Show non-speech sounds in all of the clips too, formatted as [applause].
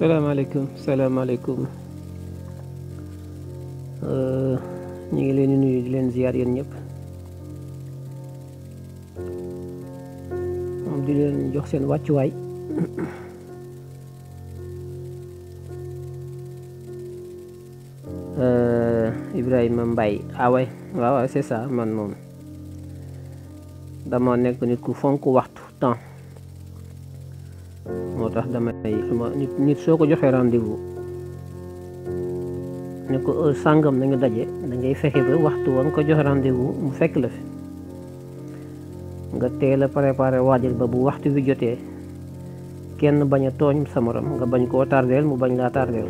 salaamaaleykum salaamaaleykum euh, ñu ngi leen di nuyu di leen ziar yéen ñëpp moom di leen jox seen wàccuwaay [coughs] euh, Ibrahima Mbaye ah waay waaw c'est ça man moom dama nekk nit ku fonk waxtu. damay eh, nit so ko joxe rendez-vous ne ko na nga daje da ngay fexé ba waxtu wa nga ko joxe rendez-vous mu fekk la fi nga téla préparer préparé ba bu waxtu bi joté kenn baña togn tooñ sa morom nga bañ ko tardel mu bañ la tardel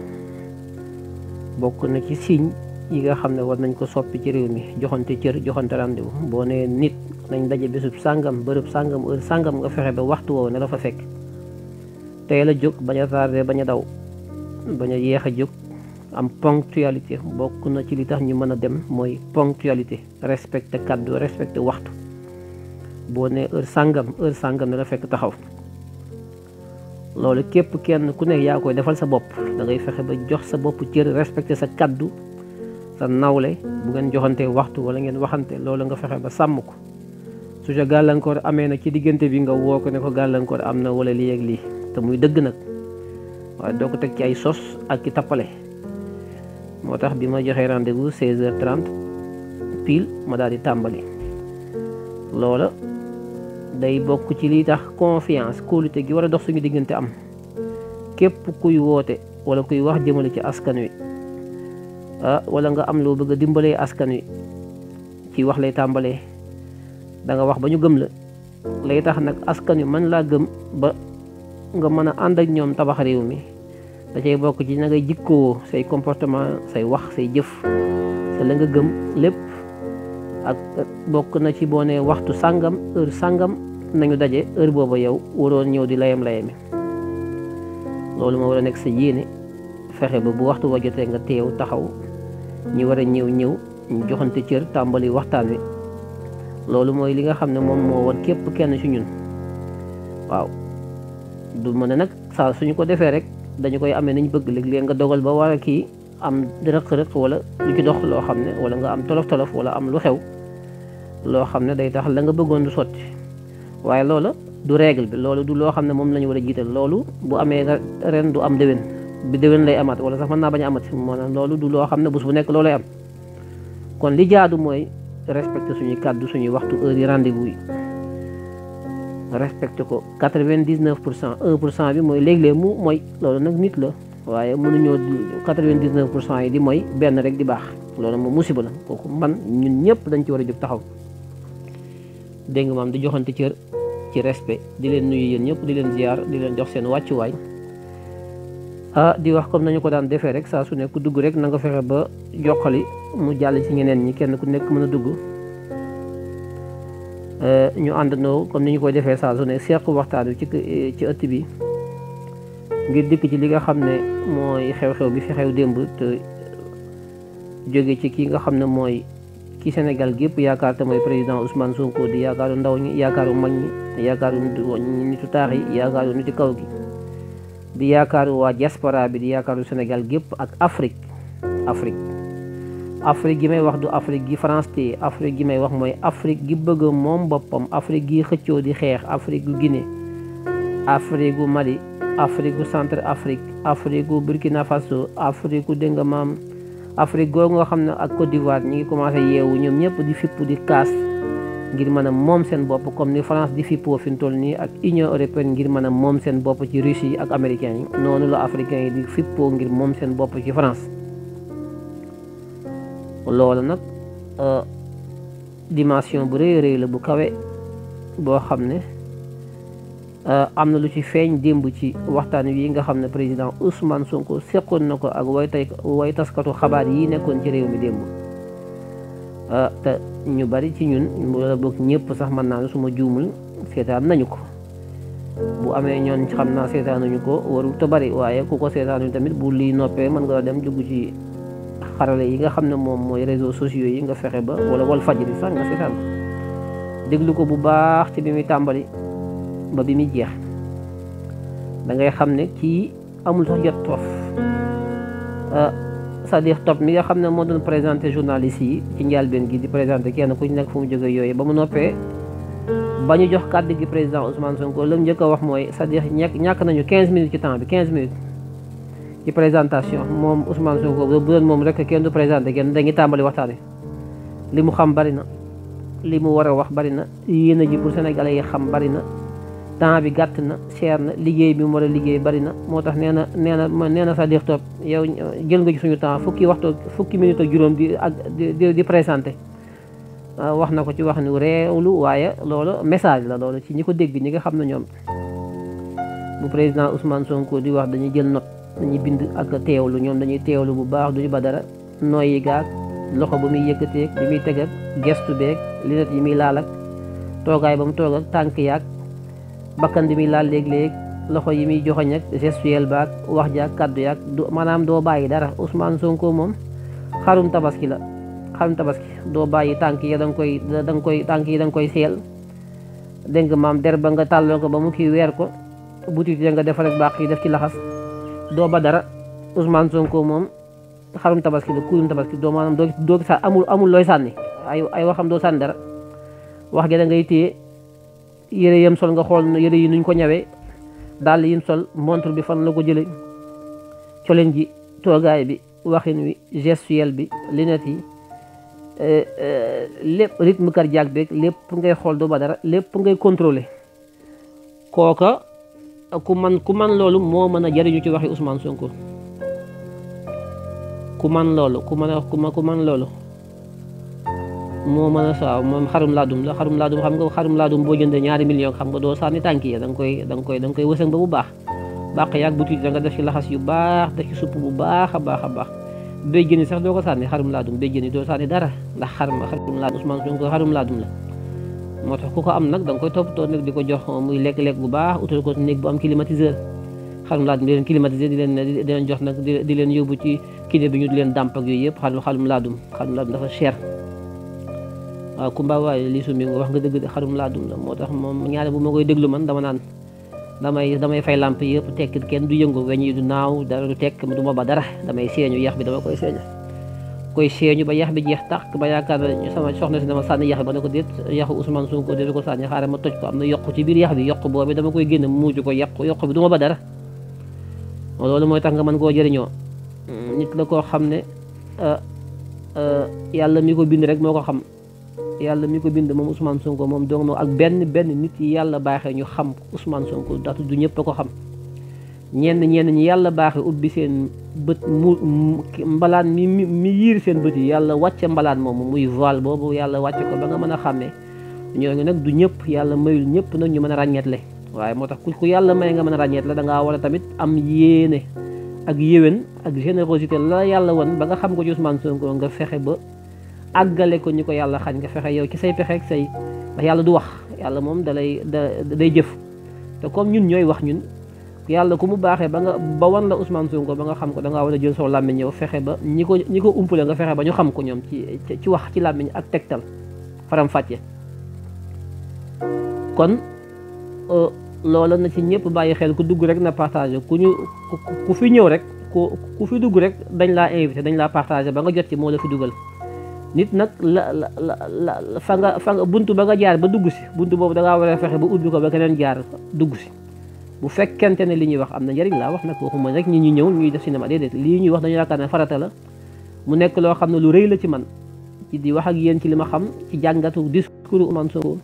bokku na ci signe yi nga xamné war nañ ko soppi ci réew mi joxonté cër joxonté rendez-vous bo né nit nañ daje bisub sangam bërëb sangam heure sangam nga fexé ba waxtu wo ne la fa fekk teel la jóg bañ a tardé bañ a daw bañ a yéex a jóg am ponctualité bokk na ci li tax ñu mën a dem mooy ponctualité respecté kàddu respecté waxtu boo ne heure sàngam heure sàngam ne la fekk taxaw loolu képp kenn ku nekk yaa koy defal sa bopp da ngay fexe ba jox sa bopp cër respecté sa kàddu sa nawle bu ngeen joxante waxtu wala ngeen waxante loolu nga fexe ba sàmm ko su gàllankoor amee nag ci diggante bi nga woo ko ko gàllankoor am na wala lii ak lii te muy dëgg nag waaye teg ci ay sos ak ci tappale moo tax bi ma joxee rendez-vous h ma daal di tàmbali loola day bokk ci li tax confiance kóolute gi war a dox suñu diggante am képp kuy woote wala kuy wax jëmale ci askan wi ah wala nga am loo bëgg dimbalee askan wi ci wax lay tàmbalee da nga wax bañu gëm la lay tax nak askan yu man la gëm ba nga mëna and ak ñom tabax rew mi da cey bok ci na ngay jikko say comportement say wax say jëf sa la nga gëm lepp ak bok na ci waxtu sangam heure sangam nañu daje heure booba yow waroon ñew di layam layam lolu mo war nek sa yene fexé ba bu waxtu wajote nga tew taxaw ñi wara ñew ñew ñu joxante cër tambali waxtaan wi loolu mooy li nga xam ne moom moo war képp kenn ci ñun waaw du mën a nag saa ñu ko defee rek dañu koy amee nañ bëgg léegi léeg nga dogal ba war a kii am rëq-rëq wala lu ci dox loo xam ne wala nga am tolof-tolof wala am lu xew loo xam ne day tax la bëggoon du sotti waaye loola du règle bi loolu du loo xam ne moom la ñu war a jiital loolu bu amee ren du am déwén bi déwén lay amaat wala sax mën naa bañ a amat maanaam loolu du loo xam ne bés bu nekk loolay am kon li jaadu mooy respecté suñuy kàddu suñuy waxtu heure yi rendez-vous yi respecté ko quatre-vingt-dix-neuf pour cent pour cent bi mooy léeg-léeg mu mooy loolu nag nit la waaye mënuñoo quatre-vingt-dix-neuf pour cent yi di mooy benn rek di baax loolu moom musiba la kooku man ñun ñëpp dañ ci war a jóg taxaw dégg nga maam di joxante cër ci respe di leen nuyu yéen ñëpp di leen ziar di leen jox seen wàccuwaay ah di wax comme nañu ko daan defee rek saa su ne ku dugg rek na nga fexe ba joxali mu jàll ci ñeneen ñi kenn ku nekk mën a dugg eh, ñu àndandoo comme ni ñu koy defee saa su ne seq waxtaan wi ci ci ëtt bi ngir dikk ci li nga xam ne mooy xew-xew bi fi xew démb te jóge ci ki nga xam ne mooy ki Sénégal gépp yaakaar te mooy président Ousmane Sonko di yu ndaw ñi yaakaaru mag ñi yaakaaru nitu taax yi yaakaaru nitu kaw gi. di yaakaaru waa diaspora bi di yaakaaru Sénégal gépp ak Afrique Afrique Afrique gi may wax du Afrique gi France te Afrique gi may wax mooy Afrique gi bëgg moom boppam Afrique gi xëccoo di xeex Afrique gu Guinée Afrique gu Mali Afrique gu centre Afrique Afrique gu Burkina Faso Afrique gu dégg nga maam Afrique googu nga xam ne ak Côte d'Ivoire ñu ngi commencé yeewu ñoom ñëpp di fipp di kaas. ngir mën a moom seen bopp comme ni France di po fi mu toll nii ak Union européenne ngir mën a moom seen bopp ci Russie ak américain yi noonu la africain yi di po ngir moom seen bopp ci France loolu nag euh, dimension bu rëy rëy la bu kawe boo xam ne euh, am na lu ci feeñ démb ci waxtaan wi nga xam ne président Ousmane Sonko seqoon na ko ak way tay way taskatu xabaar yi nekkoon ci réew mi démb euh, te ñu bari ci ñun wala bok ñëpp sax mën naa suma juumul seetaan nañu ko bu amee ñoon xam naa seetaanuñu ko warul te bari waaye ku ko seetaanu tamit bu lii noppee mën nga dem dugg ci xarale yi nga xam ne moom mooy réseaux sociaux yi nga fexe ba wala wal fajri sax nga seetaan déglu ko bu baax ci bi muy tàmbali ba bi muy jeex da ngay xam ne kii amul sax jot tof sa Sadiq Top mi nga xam ne moo doon présenté journaliste yi ci njëlbéen gi di présenté kenn ku ci nekk fu mu jógee yooyu ba mu noppee ba ñu jox kàddu gi président Ousmane Sonko la mu njëkk a wax mooy Sadiq ñàkk ñàkk nañu 15 minutes ci temps bi 15 minutes ci présentation moom Ousmane Sonko bu doon moom rek kenn du présenté kenn dañuy tàmbali waxtaan li mu xam bari na li mu war a wax bari na yéen a ji pour sénégalais yi xam bari na. temps bi gàtt na seer na liggéey bi mu war a liggéey bari na moo tax nee na nee na nee na sa dix toog yow jël nga ci suñu temps fukki waxtu fukki minute ak juróom di ak di di présenté ah, wax na ko ci wax ni reewlu waaye loolu message la loolu ci ñi ko dégg ñi nga xam ne ñoom bu président Ousmane Sonko di wax dañuy jël note dañuy bind ak teewlu ñoom dañuy teewlu bu baax duñu ba dara nooyi gaag loxo bu muy yëkkateeg bi muy teg ak gestu beeg lunette yi muy laal toogaay ba mu toog ak tànk yaag bakkan bi muy laal léeg-léeg loxo yi muy joxoñ ak gestuel baak wax jaak kàddu yaak du maanaam doo bàyyi dara Ousmane Sonko moom xarum tabaski la xarum tabaski doo bàyyi tànk yi da nga koy da nga koy tànk yi da koy seel dégg nga maam der ba nga tàlloo ko ba mu kii weer ko butit ya nga defar ak baax yi def ci laxas doo ba dara Ousmane Sonko moom xarum tabaski la kurum tabaski doo maanaam doo doo amul amul looy sànni ay waxam doo sànni dara wax ja da ngay yere yam sol nga xol yere yi nuñ ko ñawé dal yi sol montre bi fan la ko jëlee colin ji toogaay bi waxin wi gestuel bi lunette yi lépp rythme cardiaque beeg lépp ngay xool du ba dara lépp ngay contrôler kooka ku man ku man loolu moo mën a jariñu ci waxi Ousmane Sonko ku man loolu ku man ku man loolu moo mën a saaw moom xarum laadum la xarum laadum xam nga xarum laadum boo jëndee ñaari million xam nga doo sànni tànk yi da nga koy da nga koy da nga koy ba bu baax bàq yaag bu tuuti da nga def ci laxas yu baax def ci supp bu baax a baax a baax béy jëni sax doo ko sànni xarum laadum béy jëni doo sànni dara ndax xarum xarum laadum Ousmane Sonko xarum laadum la moo tax ku ko am nag da nga koy toppatoo nag di ko jox muy lekk-lekk bu baax ko néeg bu am climatiseur xarum laadum di leen climatiser di leen di leen jox nag di leen yóbbu ci kiné bi ñu di leen dàmp ak yooyu yëpp xarum xarum laadum xarum laadum dafa cher waaw Kumba waaye lii sumbi nga wax nga dëgg xarum laa dum la moo tax moom ma koy déglu man dama naan damay damay fay làmp yëpp tekki kenn du yëngu weñ yi du naaw dara tekk du ma ba dara damay seeñu yax bi dama koy seeñu koy seeñu ba yax bi jeex tàq ba yaakaar ne sama soxna si dama sànni yax bi ba ne ko déet yaxu Ousmane Sonko déet ko sànni xaaral ma toj ko yokk ci bi yokk boobu dama koy génn ko yàq yokk bi du ba dara loolu mooy tax nga mën koo jëriñoo mm. nit la koo xam ne euh, euh, yàlla mi ko bind rek moo ko xam yàlla mi ko bind moom Ousmane Sonko moom donc moom ak benn benn nit yi yàlla baaxee ñu xam Ousmane Sonko ndax du ñëpp ko xam ñenn ñenn ñi yàlla baaxee ubbi seen bët mu mbalaan mi mi yiir seen bët yi yàlla wàcce mbalaan moom muy voile boobu yàlla wàcce ko ba nga mën a xàmmee ñooñu nag du ñëpp yàlla mayul ñëpp nag ñu mën a ràññeetle waaye moo tax ku yàlla may nga mën a ràññeetle da ngaa war a tamit am yéene ak yéwén ak générosité la yàlla won ba nga xam ko ci Ousmane Sonko nga fexe ba àggale ko ñi ko yàlla xañ nga fexe yow ci say pexe ak say ndax yàlla du wax yàlla moom dalay da day jëf te comme ñun ñooy wax ñun yàlla ku mu baaxee ba nga ba na la Ousmane ko ba nga xam ko da ngaa war a jël soo làmmiñ ñëw fexe ba ñi ko ñi ko umpale nga fexe ba ñu xam ko ñoom ci ci wax ci làmmiñ ak tegtal faram fàcce kon euh, loola na ci ñëpp bàyyi xel ku dugg rek na partagé ku ñu ku fi ñëw rek ku fi dugg rek dañ laa invité dañ laa partagé ba nga jot ci moo la fi dugal nit nag la la la fa nga fa nga buntu ba nga jaar ba dugg si bunt boobu da ngaa war fexe ba ubbi ko ba keneen jaar dugg si bu fekkente ne li ñuy wax am na njëriñ laa wax nag waxuma rek ñi ñu ñëw ñuy def cinéma déedéet lii ñuy wax dañu yaakaar ne farata la mu nekk loo xam ne lu rëy la ci man ci di wax ak yéen ci li ma xam ci jàngatu discours Ousmane Sonko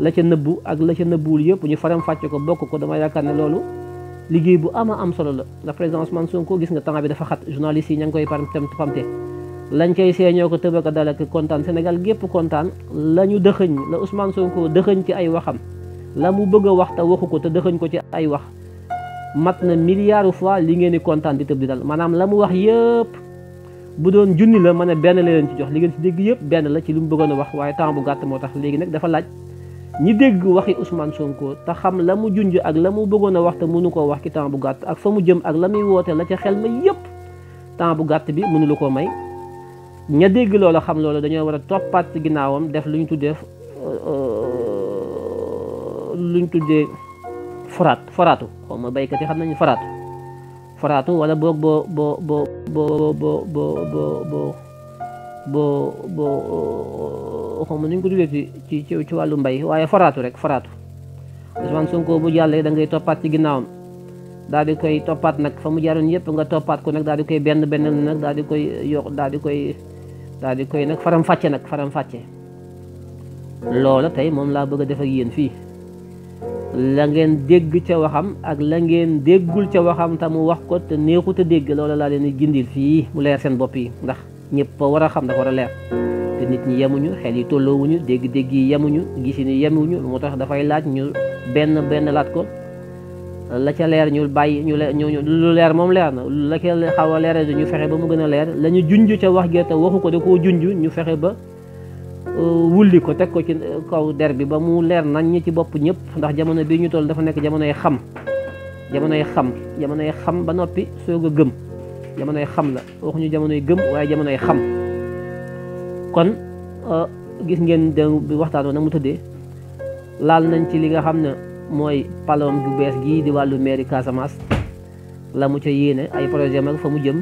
la ca nëbbu ak la ca nëbbuwul yëpp ñu faram fàcce ko bokk ko dama yaakaar ne loolu liggéey bu am solo la ndax président Ousmane Sonko gis nga temps bi dafa xat journaliste ña ngi koy pamte lañ koy seeñoo ko tëbaka dala ki kontaan Sénégal gépp kontaan la ñu dëxëñ la Ousmane Sonko dëxëñ ci ay waxam la mu bëgg a wax te waxu ko te dëxëñ ko ci ay wax mat na milliard fois li ngeen di kontaan di tëb di dal maanaam la mu wax yëpp bu doon junni la ma ne benn la leen ci jox li ngeen ci dégg yëpp benn la ci li mu bëggoon wax waaye temps bu gàtt moo tax léegi nag dafa laaj ñi dégg waxi Ousmane Sonko te xam la mu junj ak la mu bëggoon a wax te mënu koo wax ci temps bu gàtt ak mu jëm ak la muy woote la ca xel ma yëpp temps bu gàtt bi mënu lu ko may ña dégg loola xam loolu dañoo war a toppaat ginnaawam def lu ñu tuddee tuddee foraat foraatu xaw yi xam nañu foraatu foraatu wala boog boo boo boo ko tuddee ci ci ci wàllu mbay waaye foraatu rek foraatu Ousmane Sonko bu jàllee da ngay toppaat ci ginnaawam daal di koy toppaat nag fa mu jaaroon yëpp nga toppaat ko nag daal di koy benn benn nag daal di koy yokk daal di koy daal di koy nag faram fàcce nag faram fàcce loola tey moom laa bëgg a def ak yéen fii la ngeen dégg ca waxam ak la ngeen déggul ca waxam te mu wax ko te neexut a dégg loola laa leen di gindil fii mu leer seen bopp yi ndax ñëpp a war a xam dafa war a leer te nit ñi yemuñu xel yi tolloowuñu dégg-dégg yi yemuñu gisin yi yemuñu mu tax dafay laaj ñu benn benn laat ko la ca leer ñu bàyyi ñu ñu lu leer moom leer na la ca xaw a leer ñu fexe ba mu gën a leer la ñu junj ca wax gerte waxu ko da koo junj ñu fexe ba euh, wulli ko teg ko ci euh, kaw der bi ba mu leer nañ ñi ci bopp ñëpp ndax jamono bii ñu toll dafa nekk jamonoy xam jamonoy xam jamonoy xam ba noppi soog a gëm jamonoy xam la waxuñu jamonoy gëm waaye jamonoy xam kon euh, gis ngeen de waxtaan nag mu tëddee laal nañ ci li nga xam ne mooy palom bu bees gii di wàllu meeri Casamance la mu ca yéene ay projet mag fa mu jëm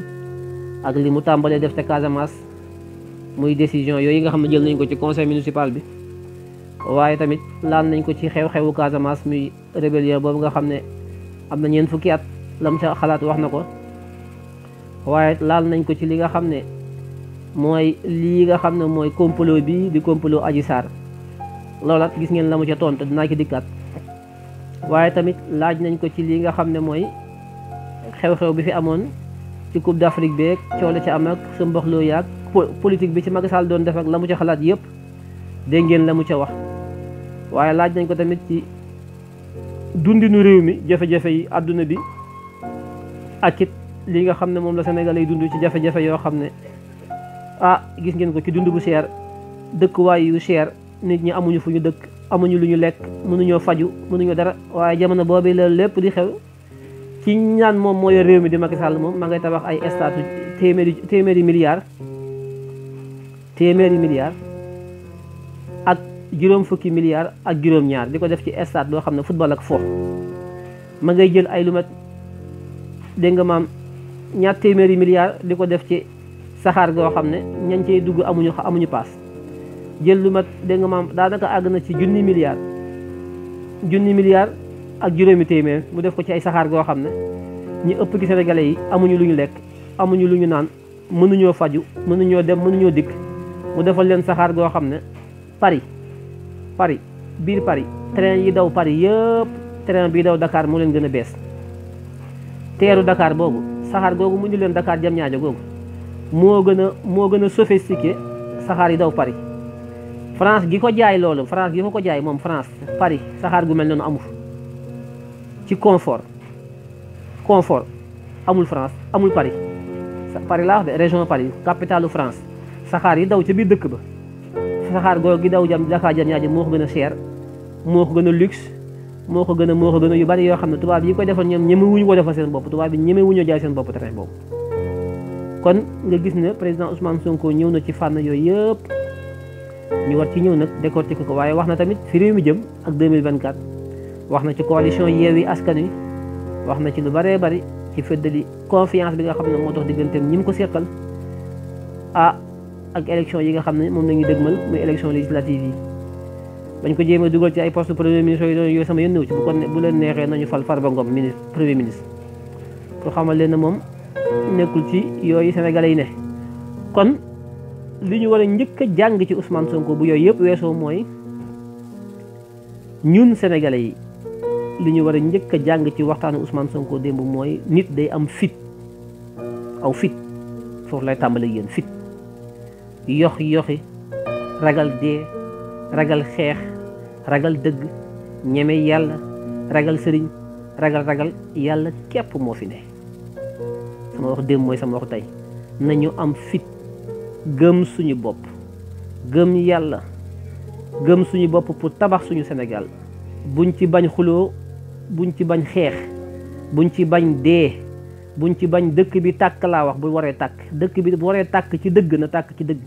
ak li mu tàmbalee def te Casamance muy décision yooyu nga xam ne jël nañ ko ci conseil municipal bi waaye tamit laan nañ ko ci xew-xewu Casamance muy rébellion boobu nga xam ne am na ñeent fukki at la mu ca xalaat wax na ko waaye laal nañ ko ci li nga xam ne mooy lii nga xam ne mooy complot bi di complot Adji Sarr loola gis ngeen la mu ca tontu dinaa ci dikkaat waaye tamit laaj nañ ko ci lii nga xam ne mooy xew-xew bi fi amoon ci Coupe d'Afrique beeg coono ci am ak sa mboxloo yaag politique bi ci Macky doon def ak la mu ca xalaat yëpp dégg ngeen la mu ca wax waaye laaj nañ ko tamit ci dundinu réew mi jafe-jafe yi àdduna bi ak it li nga xam ne moom la Sénégal yi dund ci jafe-jafe yoo xam ne ah gis ngeen ko ci dund bu cher dëkkuwaay yu cher nit ñi amuñu fu ñu dëkk amuñu luñu lek lekk faju mënuñoo dara waye jamono bobé la lepp di xew ci ñaan mom moy réew mi di Macky Sall mom ma ngay tabax ay estatu téméri téméri milliard téméri milliard ak juroom fukki milliard ak juroom ñaar di ko def ci estat boo xam football ak fo ma ngay jël ay lu mat dégg nga maam ñaar téméri milliard di def ci saxaar go xam ñan cey dugg amuñu amuñu passe jël lu mat dégg nga maam daanaka àgg na ci junni milliard junni milliard ak juróomi téeméer mu def ko ci ay saxaar goo xam ne ñi ëpp ci senegale yi amuñu lu ñu lekk amuñu lu ñu naan mënuñoo faju mënuñoo dem mënuñoo dikk mu defal leen saxaar goo xam ne Paris pari biir pari train yi daw pari yëpp train bii daw dakaar moo leen gën a bees teeru Dakar boobu saxaar googu mu ñu leen dakaar jam ñaajo googu moo gën a moo gën a sophistiqué saxaar yi daw pari France gi ko jaay loolu France gi ko ko jaay moom France Paris saxaar gu mel noonu amul ci confort confort amul France amul Paris Paris laa wax de région Paris capitalu France saxaar yi daw ci biir dëkk ba saxaar goo gi daw jam Dakar jam ñaaje moo ko gën a cher moo ko gën a luxe moo ko gën a moo ko gën a yu bari yoo xam ne tubaab yi koy defal ñoom ñeme wuñu ko defal seen bopp tubaab bi ñeme wuñoo jaay seen bopp terrain boobu kon nga gis ne président Ousmane Sonko ñëw na ci fànn yooyu yëpp ñu war ci ñëw nag décortiquer ko waaye wax na tamit fi réew mi jëm ak 2024 wax na ci coalition yi Askan yi wax na ci lu bëree bëri ci feddali confiance bi nga xam ne moo tax digganteem ñi mu ko seqal ah ak élection yi xam ne moom la ñu dëgmal muy élection législative yi bañ ko jéem dugal ci ay poste premier ministre yi doon yooyu sama yéen ñëw ci bu ko bu leen neexee nañu fal Farba Ngom ministre premier ministre pour xamal leen na moom nekkul ci yooyu sénégalais yi ne kon li ñu war a njëkk a jàng ci Ousmane Sonko bu yooyu yëpp weesoo mooy ñun sénégalais yi li ñu war a njëkk a jàng ci waxtaanu Ousmane Sonko démb mooy nit day am fit aw fit foofu lay tàmbali yéen fit yox yoxi ragal dee ragal xeex ragal dëgg ñeme yàlla ragal sëriñ ragal ragal yàlla képp moo fi ne sama wax démb mooy sama wax tey nañu am fit gëm suñu bopp gëm yàlla gëm suñu bopp pour tabax suñu Sénégal buñ ci bañ xuloo buñ ci bañ xeex buñ ci bañ dee buñ ci bañ dëkk bi tàkk laa wax bu waree tàkk dëkk bi bu waree tàkk ci dëgg na tàkk ci dëgg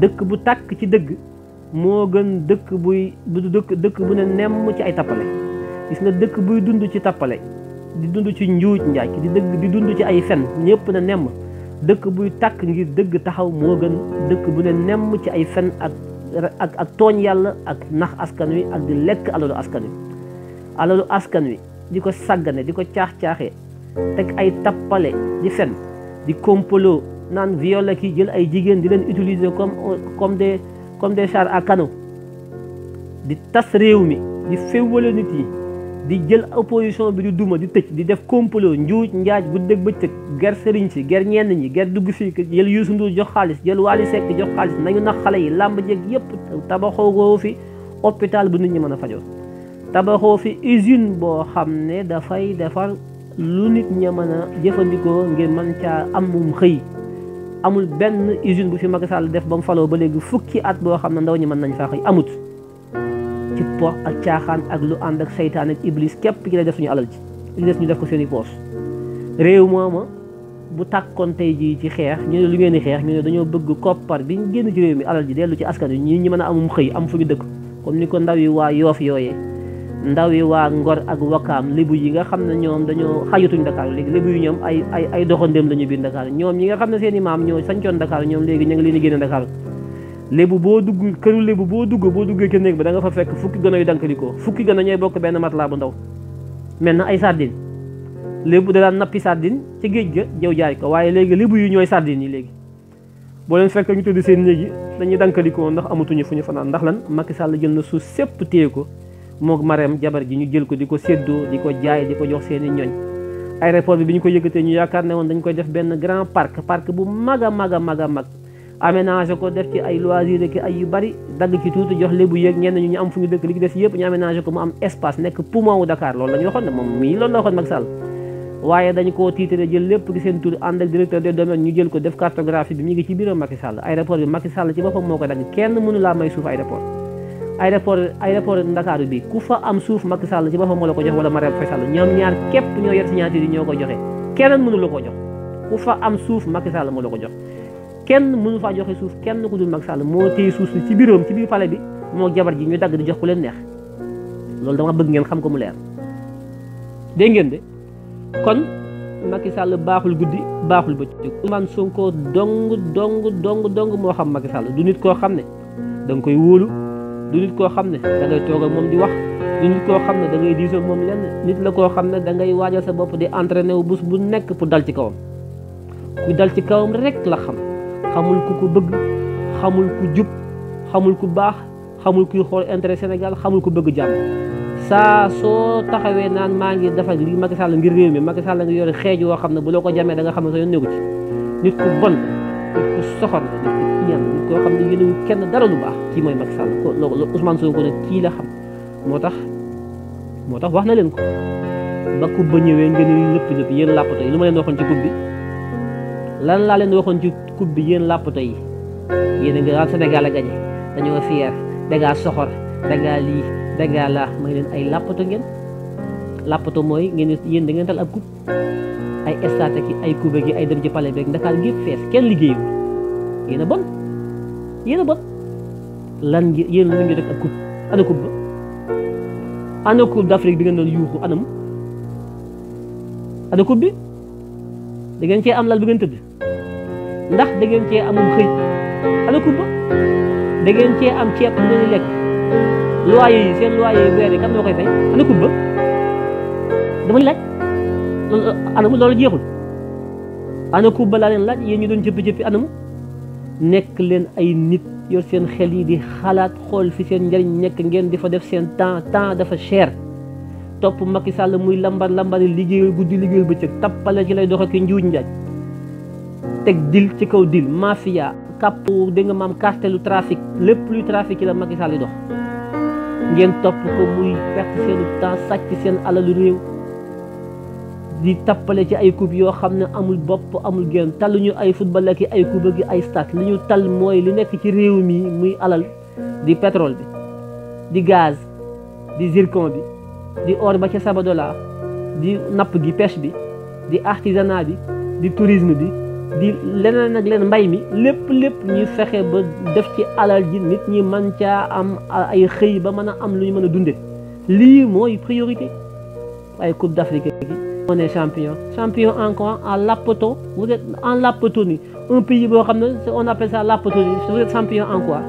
dëkk bu tàkk ci dëgg moo gën dëkk buy bu dëkk dëkk bu ne nemm ci ay tappale gis nga dëkk buy dund ci tappale di dund ci njuuj njaaj di dëgg di dund ci ay fen ñëpp na nemm dëkk buy tàkk ngir dëgg taxaw moo gën dëkk bu ne nemm ci ay fen ak ak ak tooñ yàlla ak nax askan wi ak di lekk alalu askan wi alalu askan wi di ko sàggane di ko caax caaxe teg ay tappale di fen di kompolo naan viole ki jël ay jigéen di leen utiliser comme comme des comme des chars à canon di tas réew mi di féewale nit yi di jël opposition bi di duma di tëj di def complot njuuj njaaj guddeeg bëccëg ger sëriñ si ger ñenn ñi ger dugg fii jël Youssou Ndour jox xaalis jël Wally Seck jox xaalis nañu nax xale yi làmb jeeg yëpp tabaxoo ko fi hôpital bu nit ñi mën a fajoo tabaxoo fi usine boo xam ne dafay defar lu nit ña mën a jëfandikoo ngir mën caa amum xëy amul benn usine bu fi Macky def ba mu ba léegi fukki at boo xam ne ndaw ñi mën nañ faa xëy amut ci po ak tiaxan ak lu and ak seytaan ak iblis kep ki lay def suñu alal ci li def ñu def ko seeni i rew moma bu takkon tay ji ci xex ñu lu ngeen xex ñu dañu bëgg koppar bi ñu genn ci rew mi alal ji delu ci askan ñi ñi mëna amum xey am fu ñu dëkk comme ni ko ndaw yi wa yof yoyé ndaw yi wa ngor ak wakam libu yi nga xamne ñoom dañu xayutuñ Dakar libu yi ñoom ay ay ay doxandéem la ñu Dakar ñoom yi nga xamne seeni mam i maam ñoo sañcoon Dakar ñoom legi ñu ngi leen Dakar léebu boo dugg këru léebu boo dugg boo duggee ca néeg bi da nga fa fekk fukki gën a yu dankalikoo fukki gën a ñooy bokk benn matelas bu ndaw mel na ay sardine lébu da daan nappi sardine ci géej ga jëw jaay ko waaye léegi lébu yi ñooy sardine yi léegi boo leen fekk ñu tëdd seen léegi dañuy dankalikoo ndax amatuñu fu ñu fanaan ndax lan Macky Sall jël na suuf sépp téye ko moog Marème jabar ji ñu jël ko di ko séddoo di ko jaay di ko jox seen i ñoñ aéroport bi bi ñu ko yëkkatee ñu yaakaar ne woon dañ koy def benn grand parc parc bu mag a mag a mag a mag aménagé ko def ci ay loisir ak ay yu bari dagg ci tuuti jox lébu yeeg ñenn ñu ñu am fu ñu dëkk li ci des yëpp ñu aménagé ko mu am espace nekk poumon wu Dakar loolu la ñu moom mii loolu la waxoon Macky Sall waaye dañ ko def cartographie bi mu ngi ci biiram Macky Sall aéroport bi Macky Sall ci Ndakaaru bi ku fa am suuf Macky Sall ci boppam moo la ko jox wala Marième Faye Sall ñoom ñaar képp ñoo yor signature yi ñoo ko la ko jox ku fa am suuf Macky Sall moo la ko jox kenn mënu faa joxe suuf kenn ku dul mak Sall moo téye suuf si ci biiram ci biir palais bi moo jabar ji ñu dagg di jox ku leen neex loolu dama bëgg ngeen xam ko mu leer dégg ngeen de kon Macky Sall baaxul guddi baaxul bëccëg man Sonko dong dong dong dong moo xam Macky Sall du nit koo xam ne da nga koy wóolu du nit koo xam ne da ngay toog ak moom di wax du nit koo xam ne da ngay diisoo moom lenn nit la koo xam ne da ngay waajal sa bopp di entraîné wu bus bu nekk pour dal ci kawam ku dal ci kawam rek la xam xamul ku ko bëgg xamul ku jub xamul ku baax xamul kuy xool intérêt Sénégal xamul ku bëgg jàmm saa soo taxawee naan maa ngi defar li Macky Sall ngir réew mi Macky la nga yore xeej woo xam ne bu loo ko jamee nga xam ne sa yoon néegu ci nit ku bon ku soxor la nit ku iñaan ne yéenewul kenn dara lu baax ci mooy Macky Sall ko loolu Ousmane ne kii la xam moo tax moo tax wax na leen ko ba kub ba ñëwee ngeen lëpp lëpp yéen làppatoo yi lu ma leen waxoon ci kub bi lan la len waxon ci coupe bi yeen làppato tay yeen nga ngi senegal Sénégal a gagné dañoo fier soxor dangaa lii dangaa la ma len ay làppato ngeen làppato moy ngeen yeen da ngeen dal ab coupe ay estate ki ay coupe gi ay dem ci palais bek ndakal gi fess ken liggéeyu yeen bon yeen bon lan yeen lu ngi rek ab coupe ana coupe ana coupe d'Afrique bi ngeen don yuxu anam ana coupe bi da ngeen am lal bi ngeen tëdd ndax da ngeen cee amum xëy ana kumba da am ceeb bu ngeen di lekk loyer yi seen loyer yi weer yi kan koy fay ana kumba dama laaj loolu anamu loolu jeexul ana kumba laa leen laaj yéen ñu doon jëppi-jëppi anamu nekk leen ay nit yor seen xel yi di xalaat xool fi seen njëriñ nekk ngeen di fa def seen temps temps dafa cher topp Macky Sall muy lambar lambari liggéeyul guddi liggéeyul bëccëg tappale ci lay dox ak njuuj njaaj teg dil ci kaw dil mafia kàpp dégg nga maam cartelu trafic lépp luy trafic ci la Macky Sall yi dox ngeen topp ko muy perte seenu temps sàcc seen alalu réew di tappale ci ay coupe yoo xam ne amul bopp amul génn talluñu ay football ak ay coupe ak ay stade li ñu tal mooy li nekk ci réew mi muy alal di pétrole bi di gaz di zircon bi di or ba ci Sabodala di napp gi pêche bi di artisanat bi di tourisme bi di leneen ak leen mbay mi lépp lépp ñuy fexe ba def ci alal ji nit ñi mën caa am ay xëy ba mën a am lu ñu mën a dundee lii mooy priorité ay coupe d'Afrique gi on est champion champion encore en lapoto vous êtes en Lapotonie un pays boo xam ne on appelle ça Lapotonie vous êtes champion en quoi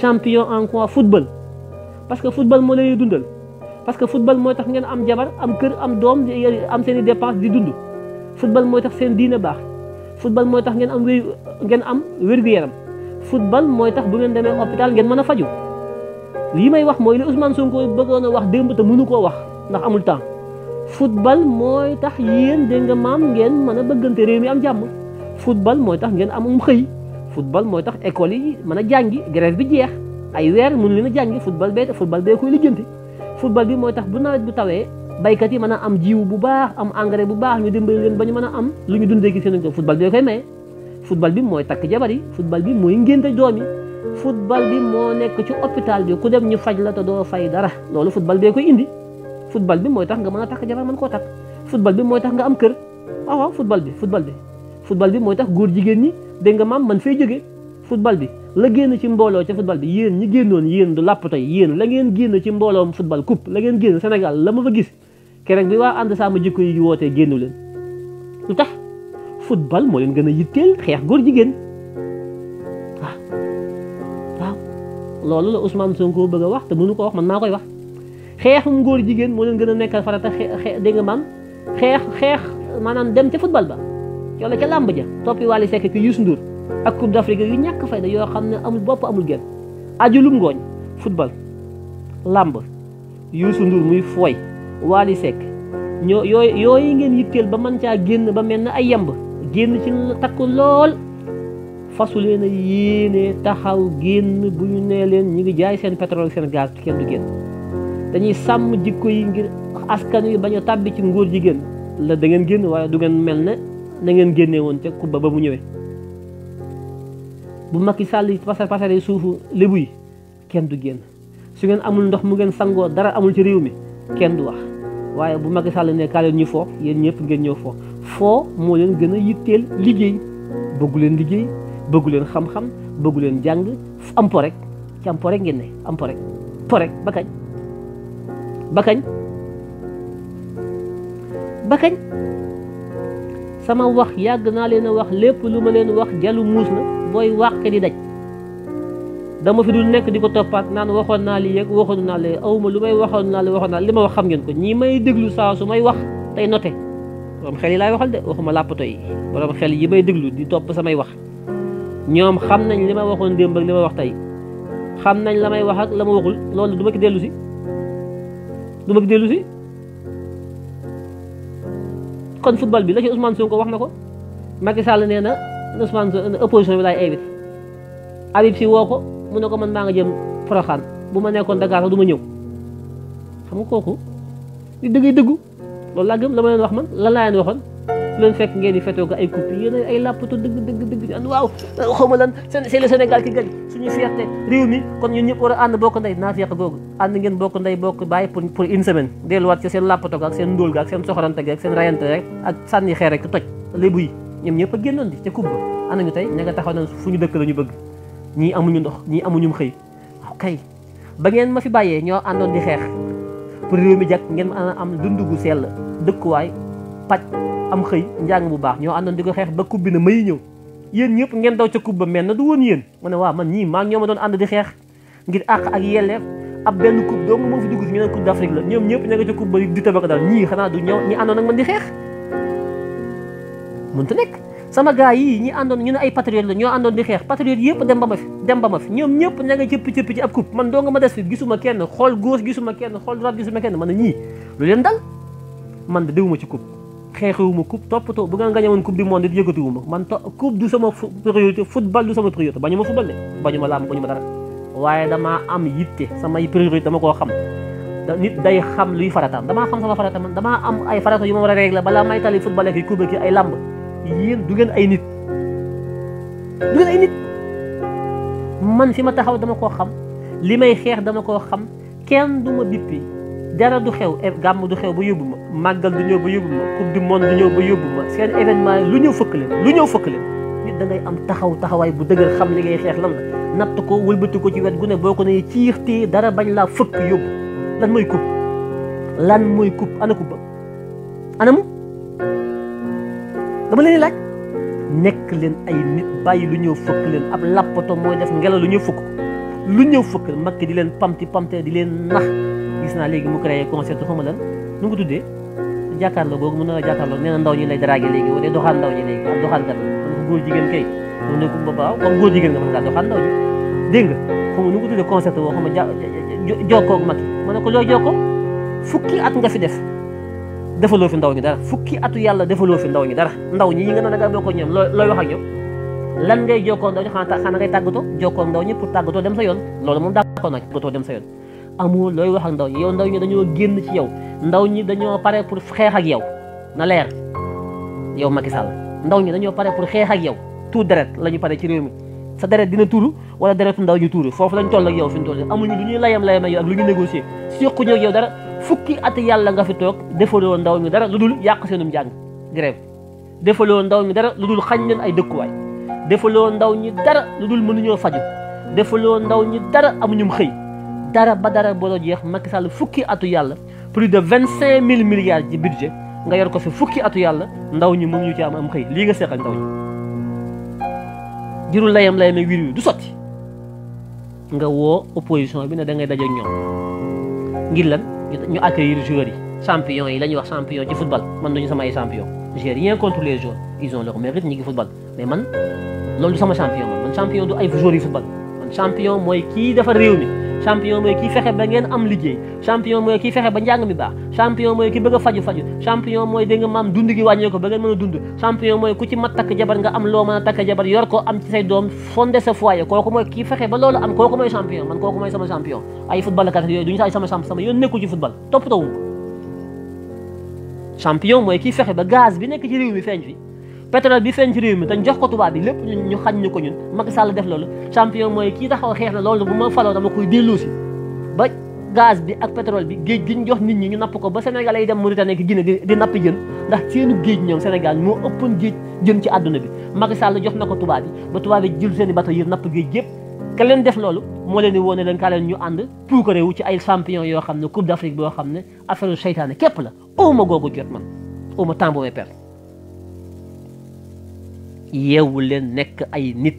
champion en quoi football parce que football moo lay dundal parce que football mooy tax ngeen am jabar am kër am doom am seen i dépense di dund football mooy tax seen diine baax football moy tax ngeen am wér ngeen am wér-gu-yaram football moy tax bu ngeen demee hôpital ngeen mën a faju li may wax mooy li Ousmane Sonko bëggoon a wax démb te mënu koo wax ndax amul temps football mooy tax yéen dégg nga maam ngeen mën a bëggante réew mi am jàmm football mooy tax ngeen um xëy football mooy tax école yi mën a jàngi grève bi jeex ay weer mënu leen a jàngi football bee football bee koy lijjanti football bi mooy tax bu nawet bu tawee baykat yi mana am jiwu bu baax am engrais bu baax ñu dimbali leen ba mana am lu ñu dundé ci seen ko football bi koy may football bi moy tak jabar football bi moy ngenté doomi football bi mo nek ci hôpital bi ku dem ñu faj la ta doo fay dara lolu football bi koy indi football bi moy tax nga mana tak jabar man ko tak football bi moy tax nga am kër ah waaw football bi football bi football bi moy tax goor jigéen ñi de nga mam man fay football bi la génn ci mbooloo ci football bi yéen ñi génnoon yéen du lapp tey yéen la ngeen génn ci mbooloom football coupe la ngeen génn Sénégal la ma fa gis keroog bi waa ànd saa sàmm jikko yi wootee génnu leen lu tax football moo leen gën a yitteel xeex góor jigéen waaw loolu la Ousmane Sonko bëgg a wax te mënu ko wax man maa koy wax xeexum góor jigéen moo leen gën a nekkal farata xe dégg nga man xeex xeex maanaam dem ca football ba wala ca làmb ja toppi Wally Seck ki Youssou Ndour ak Coupe d'Afrique yu ñàkk fayda yoo xam ne amul bopp amul genn aju ngooñ futbal làmb Youssou Ndour muy fooy Wali Sek, ñoo yoy yoy ngeen yittel ba man ca genn ba melna na ay yamb genn ci takku lol fasu leen a taxaw genn bu ñu nee ñi ngi jaay seen pétrole seen gaz kenn du genn dañuy sam jikko yi ngir askan yi baña tabbi ci nguur jigéen la da ngeen genn waaye du ngeen melne na ngeen genné won ca kubba ba bu ñëwee bu makki Sall pasar pasare suufu lebuy kenn du genn su ngeen amul ndox mu ngeen sangoo dara amul ci réew kenn du wax waaye bu Macky Sall ne kaa leen ñu foo yéen ñëpp ngeen ñëw foo foo moo leen gën a yitteel liggéey bëggu leen liggéey bëggu leen xam-xam bëggu leen jàng am rek ci am po rek ngeen ne am po rek po rek ba kañ ba kañ ba kañ sama wax yàgg naa leen a wax lépp lu ma leen wax jalu muus na booy wàq di daj dama fi du nekk di ko toppaat naan waxoon naa li yëg waxoon naa li awma lu may waxoon naa li waxoon naa li ma wax xam ngeen ko ñi may déglu saa su may wax tey noté borom xel yi laay waxal de waxuma làppato yi borom xel yi may déglu di topp samay wax ñoom xam nañ li ma waxoon démb ak li ma wax tey xam nañ la may wax ak la ma waxul loolu du ma ci dellu si du ma ci dellu kon football bi la ci Ousmane Sonko wax na ko Macky Sall nee na Ousmane opposition bi laay invité Habib ko mu ne ko man maa nga jëm Porokhane bu ma nekkoon Dakar du ma ñëw xam nga kooku di dëggay dëggu loolu laa gëm la ma leen wax man lan laa leen waxoon leen fekk ngeen di fetoo ko ay coupe yéen ay làppatu dëgg dëgg dëgg an waaw xaw ma lan c'est le Sénégal ki gañ suñu fierté réew mi kon ñun ñëpp war a ànd bokk ndey naa feeq googu ànd ngeen bokk ndey bokk bàyyi pour pour une semaine delluwaat ci seen làppatoo ak seen ndóol ga ak seen soxorante ga ak seen rayante rek ak sànni xeer rek toj lébu yi ñoom ñëpp a génnoon di ca coupe ba ana ñu tey ña nga taxaw na fu ñu dëkk la ñu bëgg ñii amuñu ndox ñii amuñu xëy ah, kay ba ngeen ma fi bàyyee ñoo àndoon di xeex pour réew mi jag ngeen ma am dundu gu sell dëkkuwaay paj am xëy njàng bu baax ñoo àndoon di ko xeex ba kub bi na may ñëw yéen ñëpp ngeen daw ca kub ba mel na du woon yéen ma ne waaw man ñii maa ñoo ma doon ànd di xeex ngir àq ak yelleef ab benn coupe dong moo fi dugg si ñu naan coupe d'Afrique la ñoom ñëpp ña nga ca coupe ba di tabaka daal ñii xanaa du ñëw ñi àndoon ak man di xeex sama gaay yi ñi andon ñu ay patriote la ñoo andon di xex patriote yépp dem ba ma fi dem ba ma fi ñoom ñëpp ña nga jëpp jëpp ci ab coupe man do nga ma dess fi gisuma kenn xol gauche gisuma kenn xol droite gisuma kenn man ñi lu leen dal man de deewuma ci coupe xexewuma coupe toppatoo bu nga gañe woon coupe du monde yëgatuwuma man to coupe du sama priorité football du sama priorité bañuma football de bañuma lamb bañuma dara waye dama am sama sama priorité dama ko xam nit day xam luy dama xam sama farata man dama am ay farata yu ma wara régler bala may tali football ak coupe ak ay lamb yéen du ngeen ay nit man fi ma taxaw dama koo xam li may xeex dama koo xam kenn du ma bippi jara du xew gàmm du xew ba yóbbu ma màggal du ñëw ba yóbbu ma coupe du du ñëw ba yóbbu ma seen événement lu ñëw fëkk leen lu ñëw fëkk leen nit da am taxaw taxawaay bu dëgër xam li ngay xeex lan la natt ko wëlbati ko ci wet gu ne boo ko nee ciix téye dara bañ laa fëkk yóbbu lan mooy coupe lan mooy coupe ana coupe ba anam dama leen di laaj nekk leen ay nit bàyyi lu ñëw fëkk leen ab lappato mooy def ngelaw lu ñëw fëkk lu ñëw fëkk Macky di leen pamti pamte di leen nax gis naa léegi mu créé concert xama lan nu nga tuddee jàkkaarloo googu mën na la jàkkaarloo nee ne ndaw ñi lay dragué léegi wala doxaan ndaw ñi léegi ab doxaan kat ko góor jigéen kay mu ne ko ba jigéen nga mën ngaa doxaan ndaw ñi dégg nga xam nu nga tuddee concert boo xam ne jokkoo ak Macky ma ne ko loo jokkoo fukki at nga fi def defaloo fi ndaw ñi dara fukki atu yàlla defaloo fi ndaw ñi dara ndaw ñi yi nga ne da nga ñoom looy wax ñoom lan ngay jokkoo ndaw ñi xanaa xanaa ngay tàggatoo jokkoo ndaw ñi pour tàggatoo dem sa yoon loolu moom d'accord nag tàggatoo dem sa yoon wax ak ndaw ndaw ñi dañoo génn ci yow ndaw ñi dañoo pare pour xeex ak yow na leer yow Macky Sall ndaw ñi dañoo pare pour xeex ak yow tout deret la ñu pare ci réew mi sa deret dina tuuru wala deretu ndaw ñu tuuru foofu lañ toll ak yow fi ñu toll amuñu lu ñuy layam layam ak yow ak lu ñu négocier si yokkuñu ak yow dara fukki at yalla nga fi tok defalo ndaw ñi dara lu yak yàq seenum jàng grève defalo ndaw ñi dara lu xagn xañ ay ay way defalo ndaw ñi dara lu mënu ñoo faju defalo ndaw ñi dara ñum xey dara ba dara do jeex Macky Sall fukki atu yalla plus de 25000 milliards ci budget nga yor ko fi fukki atu yalla ndaw ñi ñu ci am am nga ndaw ñi jirul layam layam wiir wi du soti nga wo opposition bi ne da ngay dajje ñoom ngir lan ñu accueillir joueurs yi champion yi la ñuy wax champion ci football man duñu sama ay champion j'ai rien contre les joueurs ils ont leur ngi football mais man loolu du sama champion man champion du ay joueurs yi football man champion mooy kii dafa réew mi champion moy ki fexé ba ngeen am liggéey champion moy ki fexé ba jang mi baax champion moy ki bëgg faju faju champion moy dégg nga maam dund gi wañé ko ba ngeen mëna dund champion moy ku ci mat tak jabar nga am lo mëna tak jabar yor ko am ci say doom fondé sa foyer koku moy ki fexé ba loolu am koku moy champion man koku moy sama champion ay football kat yoy duñu say ay sama champion sama yoon neeku ci football top ko champion moy ki fexé ba gaz bi nekk ci réew mi fenj fi pétrole bi feeñ ci réew mi te jox ko tubaab bi lépp ñu xañ ñu ko ñun Macky Sall def loolu champion mooy kii taxaw xeex na loolu bu ma faloo dama koy delloo si ba gaz bi ak pétrole bi géej gi ñu jox nit ñi ñu napp ko ba Sénégalais yi dem Mauritanie ki Guinée di nappi jën ndax seenu géej ñoom Sénégal moo ëppoon géej jën ci àdduna bi Macky Sall jox na ko tubaab bi ba tubaab bi jël seen i bato yi napp géej gépp ka leen def loolu moo leen di woone leen ka leen ñu ànd puukare wu ci ay champion yoo xam ne coupe d'Afrique boo xam ne affaire seytaane képp la uma googu jot man uma temps bu may yeewu leen nekk ay nit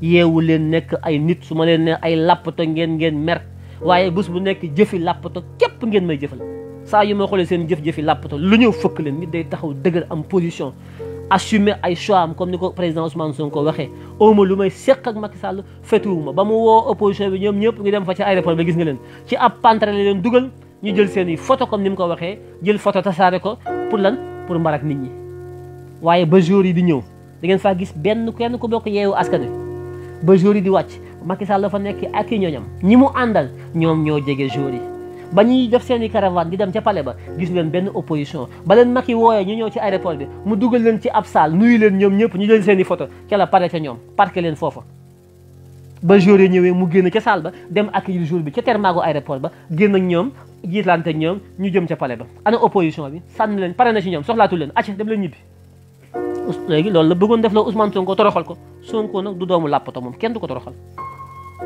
yeewu leen nekk ay nit su ma leen ne ay làppato ngeen ngeen mer waaye bés bu nekk jëfi làppato képp ngeen may jëfal saa yi ma xoolee seen jëf-jëfi làppato lu ñëw fëkk leen nit day taxaw dëgër am position assumer ay choix am comme ni ko président su Ousmane Sonko waxee awma lu may seq ak Macky Sall fetuwuma ba mu woo opposition bi ñoom ñëpp ngi dem fa ci aéroport ba gis nga leen ci ab pantre la leen dugal ñu jël seen i photo comme ni mu ko waxee jël photo tasaare ko pour lan pour mbarak nit ñi da ngeen faa gis benn kenn ku bokk yeewu askan wi ba jour di wàcc Macky Sall la fa nekk ak i ñooñam ñi mu àndal ñoom ñoo jege jour yi ba ñu def seen i caravane di dem ca pale ba gis leen benn opposition ba leen Macky wooye ñu ñëw ci aéroport bi mu dugal leen ci ab salle nuyu leen ñoom ñëpp ñu jël seen i photo ca la pare ca ñoom parqué leen foofa ba jour yi ñëwee mu génn ca saal ba dem accueillir jour bi ca Termago aéroport ba génn ak ñoom jiitlante ak ñoom ñu jëm ca palais ba ana opposition bi sànni leen pare na ci ñoom soxlaatu leen léegi loolu la bëggoon def la Ousmane Sonko toroxal ko Sonko nag du doomu làppato moom kenn du ko toroxal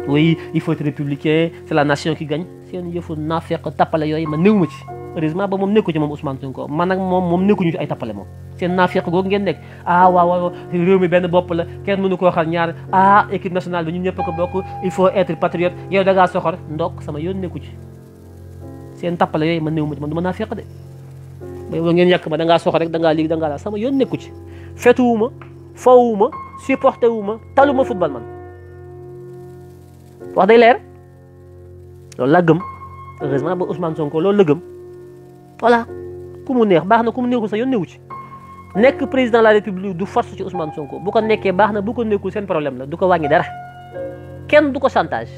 oui il faut être républicain c'est la nation qui gagne seen yëfu naafeq tappale yooyu man new ma ci heureusement ba moom nekku ci moom Ousmane Sonko man nag moom moom nekkuñu ci ay tappale moom seen naafeq googu ngeen nekk ah waaw waaw réew mi benn bopp la kenn mënu koo xar ñaar ah équipe nationale bi ñun ñëpp ko bokk il faut être patriote yow da ngaa soxor ndok sama yoon nekku ci seen tappale yooyu man néew ma ci man du ma naafeq de ba ngeen yàq ma da ngaa soxor rek da ngaa lii da ngaa sama yoon nekku ci fetuwuma fawuma supporté wuma taluma football man wax day leer loolu laa gëm heureusement ba Ousmane Sonko loolu la gëm voilà ku mu neex baax na ku mu neexul sa yoon newu ci nekk président de la république du force ci Ousmane Sonko bu ko nekkee baax na bu ko nekkul seen problème la du ko wàññi dara kenn du ko chantage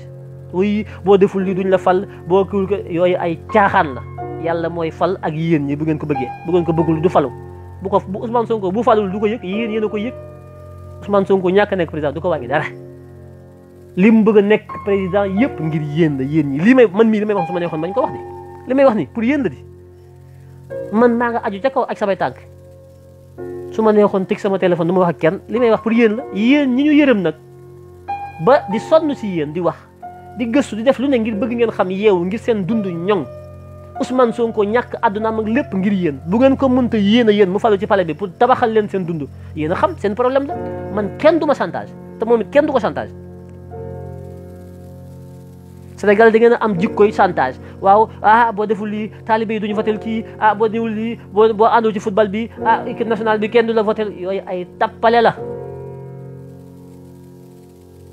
oui boo deful lii duñ la fal boo kiwul ko yooyu ay caaxaan la yàlla mooy fal ak yéen ñi bu ngeen ko bëggee bu ngeen ko bëggul du falu bu ko bu Ousmane Sonko bu falul du ko yëg yéen yéen a ko yëg Ousmane Sonko ñàkk a nekk président du ko wàññi dara li mu bëgg a nekk président yëpp ngir yéen la yéen ñi lii may man mii li may wax su ma neexoon bañ ko wax de li may wax ni pour yéen la di man maa nga aju ca ak samay tànk su ma neexoon teg sama téléphone du ma wax ak kenn li may wax pour yéen la yéen ñi ñu yërëm nag ba di sonn si yéen di wax di gëstu di def lu ne ngir bëgg ngeen xam yeewu ngir seen dund ñoŋ Ousmane Sonko ñak aduna mak lepp ngir yeen bu ngeen ko mënta yeen yeen mu falu ci palais bi pour tabaxal leen seen dundu yeen xam seen problème la man kenn duma ma chantage te mom kenn duko chantage Sénégal da ngeen am jikkoy chantage waaw ah bo deful li talibé yi duñu votel ki ah bo deful li bo bo àndoo ci football bi ah équipe nationale bi kenn du la votel yoy ay tappale la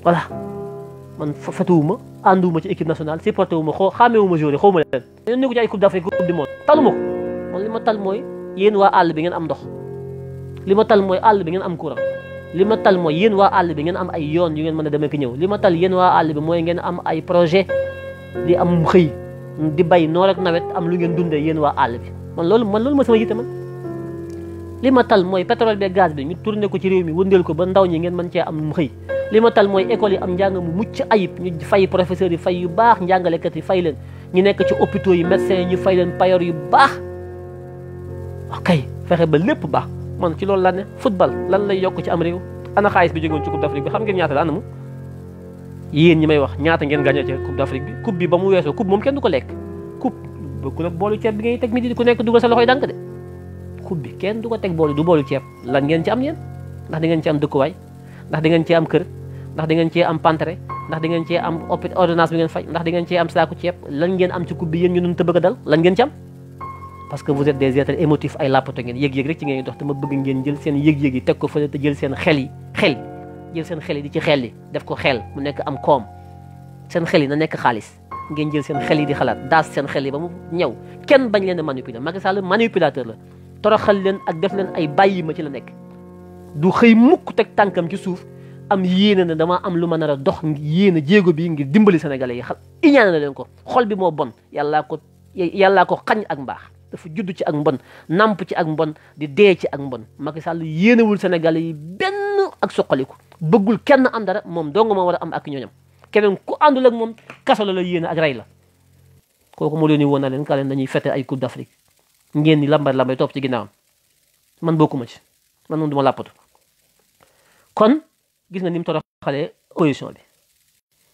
voilà man fatuwuma ànduwuma ci équipe nationale supporté wu ma xoo xàmmewuma joueur yi xaw ma leen dañoo nekk ci ay coupe d'Afrique coupe du li ma tal mooy yéen waa àll bi ngeen am ndox li ma tal mooy àll bi ngeen am courant li ma tal mooy yéen waa àll bi ngeen am ay yoon yu ngeen mën a demee ki ñëw li ma tal yéen waa àll bi mooy ngeen am ay projet di am xëy di bay noor ak nawet am lu ngeen dundee yéen waa àll bi man loolu man loolu ma sama yitte li mooy pétrole beeg gaz bi ñu tourné ko ci réew mi wëndeel ko ba ndaw ñi ngeen mën cee am xëy li tal mooy école yi am njàng mu mucc ayib ñu fay professeurs yi fay yu baax njàngalekat yi fay leen ñu nekk ci opito yi médecins yi ñu fay leen payor yu baax ok fexe ba lépp baax man ci loolu lan ne football lan lay yokk ci am réew ana xaalis bi jógoon ci coupe d'Afrique bi xam ngeen ñaata la anamu yéen ñi may wax ñaata ngeen gagné ci coupe d'Afrique bi coupe bi ba mu weesoo coupe moom kenn du ko lekk coupe bokkul boolu ceeb bi ngay teg midi di ku nekk dugal sa loxoy de coupe bi kenn du ko teg boolu du boolu ceeb lan ngeen ci am yéen ndax di ngeen ci am dëkkuwaay ndax di ngeen ci am kër ndax di ngeen cee am pantere ndax di ngeen cee am ordonnance bi ngeen faj ndax ngeen cee am saaku ceeb lan ngeen am ci coupe bi yéen ñu doon dal lan ngeen ci am parce que vous êtes des êtres émotifs ay làppato ngeen yëg-yëg rek ci ngeen dox te ma bëgg ngeen jël seen yëg-yëg yi teg ko fële te jël seen xel yi xel jël seen xel yi di ci xel yi def ko xel mu nekk am koom seen xel yi na nekk xaalis ngeen jël seen xel yi di xalaat daas seen xel yi ba mu ñëw kenn bañ leen a manipuler Macky Sall manipulateur la toroxal leen ak def leen ay bàyyi ma ci la nekk du xëy mukk teg tànkam ci suuf am yéene ne dama am lu ma nar a dox yéene jéego bi ngir dimbali sénégalais yi xal leen ko xol bi moo bon yàllaa ko yàllaa ko xañ ak mbaax dafa judd ci ak mbon namp ci ak mbon di dee ci ak mbon Macky Sall yéenewul sénégalais yi benn ak soqaliku bëggul kenn am dara moom dong ma war a am ak ñooñam keneen ku àndul ak moom kaso la la yéene ak rey la kooku moo leen di woon na leen ka leen dañuy fete ay Coupe d'Afrique ngeen di lambar lambar topp ci ginnaawam man bokkuma ci man moom du ma kon gis na ni mu toroxalee opposition bi.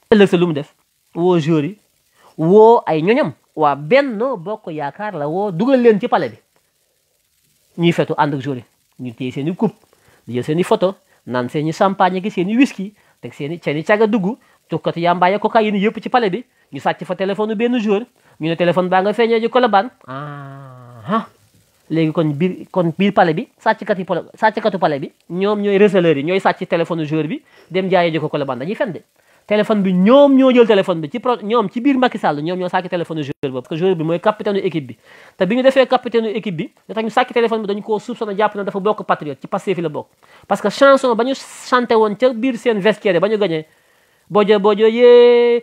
ëllëg sa lu mu def woo joueurs yi woo ay ñoñam waa Benno Bokk Yaakaar la woo dugal leen ci palais bi ñuy fetu ànd ak joueurs yi ñu téye seen i coupe di jël seen i photo naan seen i champagne gi seen i whisky teg seen i seen i caga dugg tukkati yàmbaay yëpp ci pale bi ñu sàcc fa téléphone benn joueur ñu ne téléphone baa nga feeñee ji Colobane ah. ah léegi kon biir kon bi sàcckat yi palais bi ñoom ñooy receleurs ñooy sàcc téléphone joueur bi dem jaayee jëko ko la ban dañuy fen de téléphone bi ñoom ñoo jël téléphone bi ci pro ñoom ci biir Macky Sall ñoom ñoo sàcc téléphone joueur bi parce que joueur bi mooy capitaine u bi te bi ñu defee capitaine u bi da tax ñu sàcc téléphone bi dañu koo soupçonné jàpp na dafa bokk patriote ci Pastef fi la bokk parce que chanson woon ca biir seen vestiaire ba ñu gagné bojo bojo yee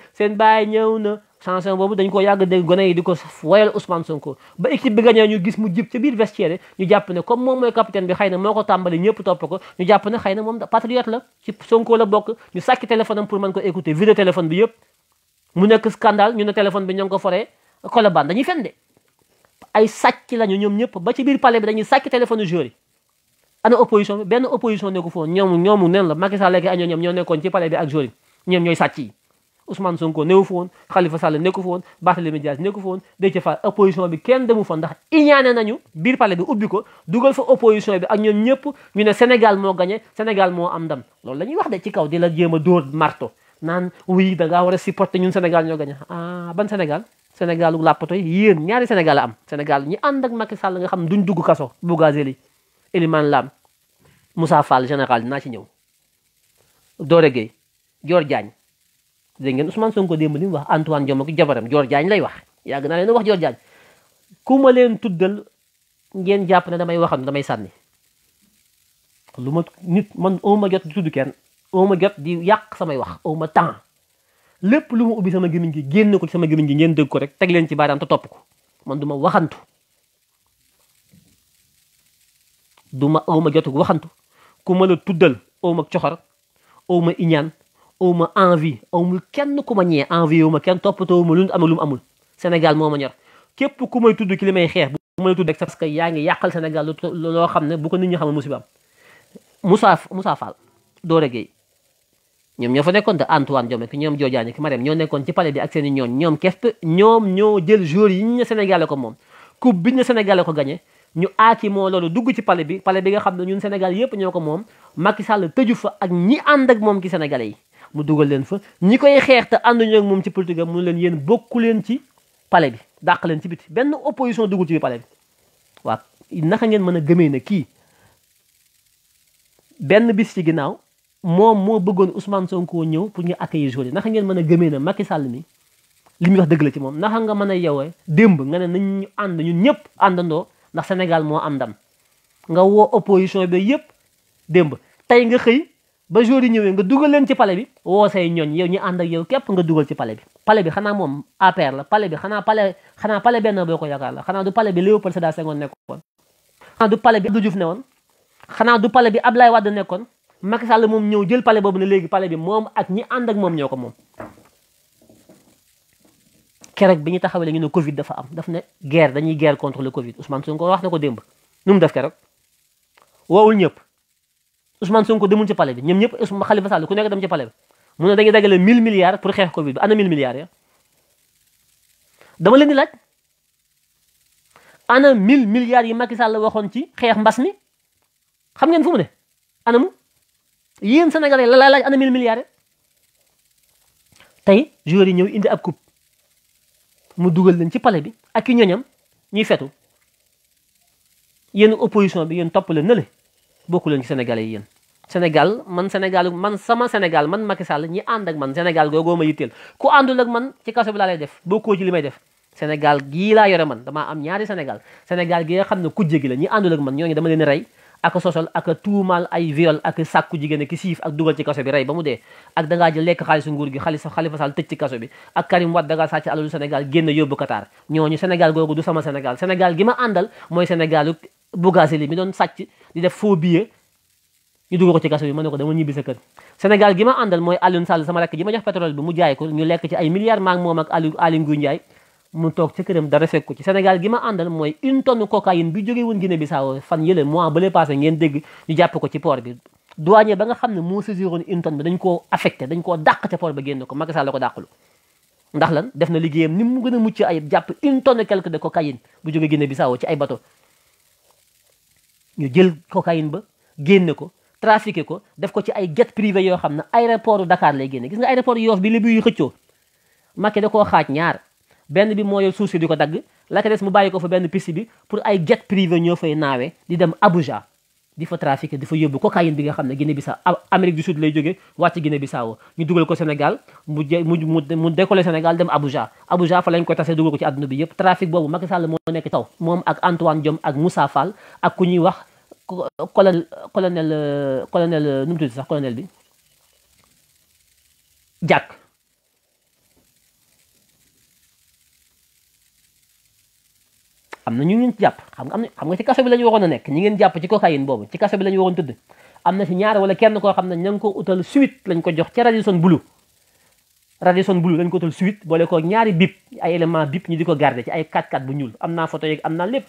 sanction bobu dañ ko yag de gone yi di woyal Ousmane Sonko ba équipe bi gagné ñu gis mu jip ci biir vestiaire ñu japp ne comme moom mooy capitaine bi xëy moko moo ñepp top ko ñu japp ne xëy mom patriote la ci Sonko la bok ñu sakki téléphone pour man ko écouter vidéo téléphone bi yépp mu nekk scandale ñu ne téléphone bi ñoo foré ko foree Colobane dañuy fende ay sàcc lañu ñom ñepp ba ci biir palais bi dañuy sakki téléphone joueurs yi ana opposition bi benn opposition ko fo ñom ñoomu neen la Macky Sall ak añoo ñoom ñoo nekkoon ci palais bi ak joueurs ñom ñoy ñooy Ousmane Sonko néew fa woon Khalifa Sall nekku fa woon Barthélémy Dias nekku fa woon Déthié Fall opposition bi kenn demu fa ndax iñaane nañu biir pale bi ubbi ko dugal fa opposition bi ak ñoom ñëpp ñu ne senegal moo gagné Sénégal moo am ndam loolu la ñuy wax de ci kaw di la jéem a dóor marto naan oui da ngaa war a supporter ñun senegal ñoo gagné ah ban senegal Sénégal lappoto làppato ñaari senegal am senegal ñi ànd ak Macky Sall nga xam duñ dugg kaso Bougazeli Elimane Lam Moussa Fall général dinaa ci ñëw Dore dégg ngeen Ousmane Sonko démb li mu wax Antoine Diome ak jabaram Dior Diagne lay wax yàgg naa leen wax Dior Diagne ku ma leen tuddal ngeen jàpp ne damay waxam damay sànni lu ma nit man oo ma jot di tudd kenn oo ma jot di yàq samay wax oo ma temps lépp lu ma ubbi sama gémmiñ gi génn ko ci sama gémmiñ gi ngeen dégg ko rek teg leen ci baaraam te topp ko man du ma waxantu du ma oo ma jot waxantu ku ma la tuddal oo ma coxor oo ma iñaan aw ma envie amul kenn ku ma ñee envie wu ma kenn toppatoo ma lu mu am lu mu amul Sénégal moo ma ñor képp ku may tudd ki li may xeex bu may tudd rek parce que yaa ngi yàqal Sénégal loo xam ne bu ko nit ñi xamul musiba am Moussa Moussa Fall Dore Gueye ñoom ñoo fa nekkoon te Antoine Diome ki ñoom Diodiane ki Marème ñoo nekkoon ci palais bi ak seen i ñoon ñoom keft ñoom ñoo jël joueurs yi ñu ne Sénégal ko moom coupe bi ñu ne Sénégal ko gagné ñu aaki moo loolu dugg ci palais bi palais bi nga xam ne ñun Sénégal yëpp ñoo ko moom Macky Sall tëju fa ak ñi ànd ak moom ki Sénégalais yi mu dugal leen fa ñi koy xeex te ànduñu ak moom ci politique am mu leen bokk bokku leen ci pale bi dàq leen ci biti benn opposition dugul ci biir palais bi waa naka ngeen mën a gëmee ne kii benn bis ci ginnaaw moom moo bëggoon Ousmane Sonko ñëw pour ñu accueillir journée naka ngeen mën a gëmee ne Macky Sall mi li muy wax dëgg ci moom naka nga mën a yowee démb nga ne nañ ñu ànd ñun ñëpp àndandoo ndax Sénégal moo am ndam nga woo opposition bi yëpp démb tey nga xëy ba jour yi ñëwee nga dugal leen ci pale bi woo say ñooñ yow ñu ànd ak yow képp nga dugal ci pale bi pale bi xanaa moom APR la pale bi xanaa pale xanaa pale benn boo yaakaar la xanaa du pale bi Léopold Sédar Senghor nekkoon xanaa du pale bi Abdou Diouf newoon xanaa du pale bi Abdoulaye Wade nekkoon Macky Sall moom ñëw jël pale boobu na léegi pale bi moom ak ñi ànd ak moom ñoo ko moom keroog bi ñu taxawee ñu ne Covid dafa am daf ne guerre dañuy guerre contre le Covid Ousmane Sonko wax na ko démb nu mu def keroog woowul ñëpp Ousmane Sonko demul ci palais bi ñoom ñëpp Khalifa Sall ku nekk dem ci palais bi mu ne dañuy dagale 1000 milliards pour xeex Covid bi ana 1000 milliards ya dama leen di laaj ana 1000 milliards yi Macky Sall waxoon ci xeex mbas mi xam ngeen fu mu ne ana mu yéen Sénégalais la laaj ana 1000 milliards tey joueurs yi ñëw indi ab coupe mu dugal leen ci palais bi ak i ñoñam ñuy fetu yéen opposition bi yéen topp leen na bokku leen ci Sénégalais yi yéen Sénégal man Sénégal man sama Sénégal man Macky Sall ñi ànd ak man Sénégal googoo ma yitteel ku man ci kaso bi laa lay def bokkoo ci li gii laa man damaa am ñaari Sénégal Sénégal gi nga xam ne kujje la ñi àndul ak man ñooñu dama leen rey ak sosol ak tuumaal ay viol ak sàkku jigéen ki siif ak dugal gi xaalis Khalifa Sall tëj ci googu du sama Sénégal Sénégal gi ma àndal mooy Sénégalu Bougazelli mi doon sàcc di def faux billet ñu dugal ko ci kaso ma ne ko dama ñibbi sa kër gi ma àndal mooy Alioune Sall sama rakk ji ma jox pétrole bi mu jaay ko ñu lekk ci ay milliards maag moom ak Aliou Aliou Ngouille Ndiaye mu toog ca këram dara fekk ko ci gi ma àndal mooy une tonne cocaïne bi jóge woon Guinée Bissau fan yële bi douanier ne moo saisiroon une tonne bi dañ koo affecté dañ a mucc ayib jàpp une tonne quelque ci ay bateau ñu jël cocaïne ba génne ko trafiqué ko def ko ci ay get privé yoo xam ne aéroport Dakar lay génne gis nga aéroport Yoff bi lébu yu xëccoo Macky da koo xaaj ñaar benn bi mooy yor suuf di ko dagg la ko des mu bàyyi ko fa benn pisi bi pour ay jet privé ñoo fay naawee di dem Abuja di fa trafiqué di fa yóbbu cocaïne bi nga xam ne Guinée Bissau Amérique du Sud lay jógee wàcc Guinée Bissau ñu dugal ko Sénégal mu mu mu décollé Sénégal dem Abuja Abuja fa lañ koy tasee dugal ko ci àdduna bi yëpp trafic boobu Macky Sall moo nekk taw moom ak Antoine Diome ak Moussa Fall ak ku ñuy wax colonel colonel colonel nu mu tudd sax colonel bi jàkk am na ñu ngeen ci nga na ci kaso bi la ñu waroon nekk ñi ngeen jàpp ci cocaïne boobu ci kaso bi la ñu waroon tëdd am na ci ñaar wala kenn ko xam ne ña ngi ko utal suite lañ ko jox ca Radisson Blu Radisson Blu lañ ko utal suite boole ko ñaari bip ay élément bip ñu di ko garder ci ay 4 x bu ñuul am naa photo yeeg am naa lépp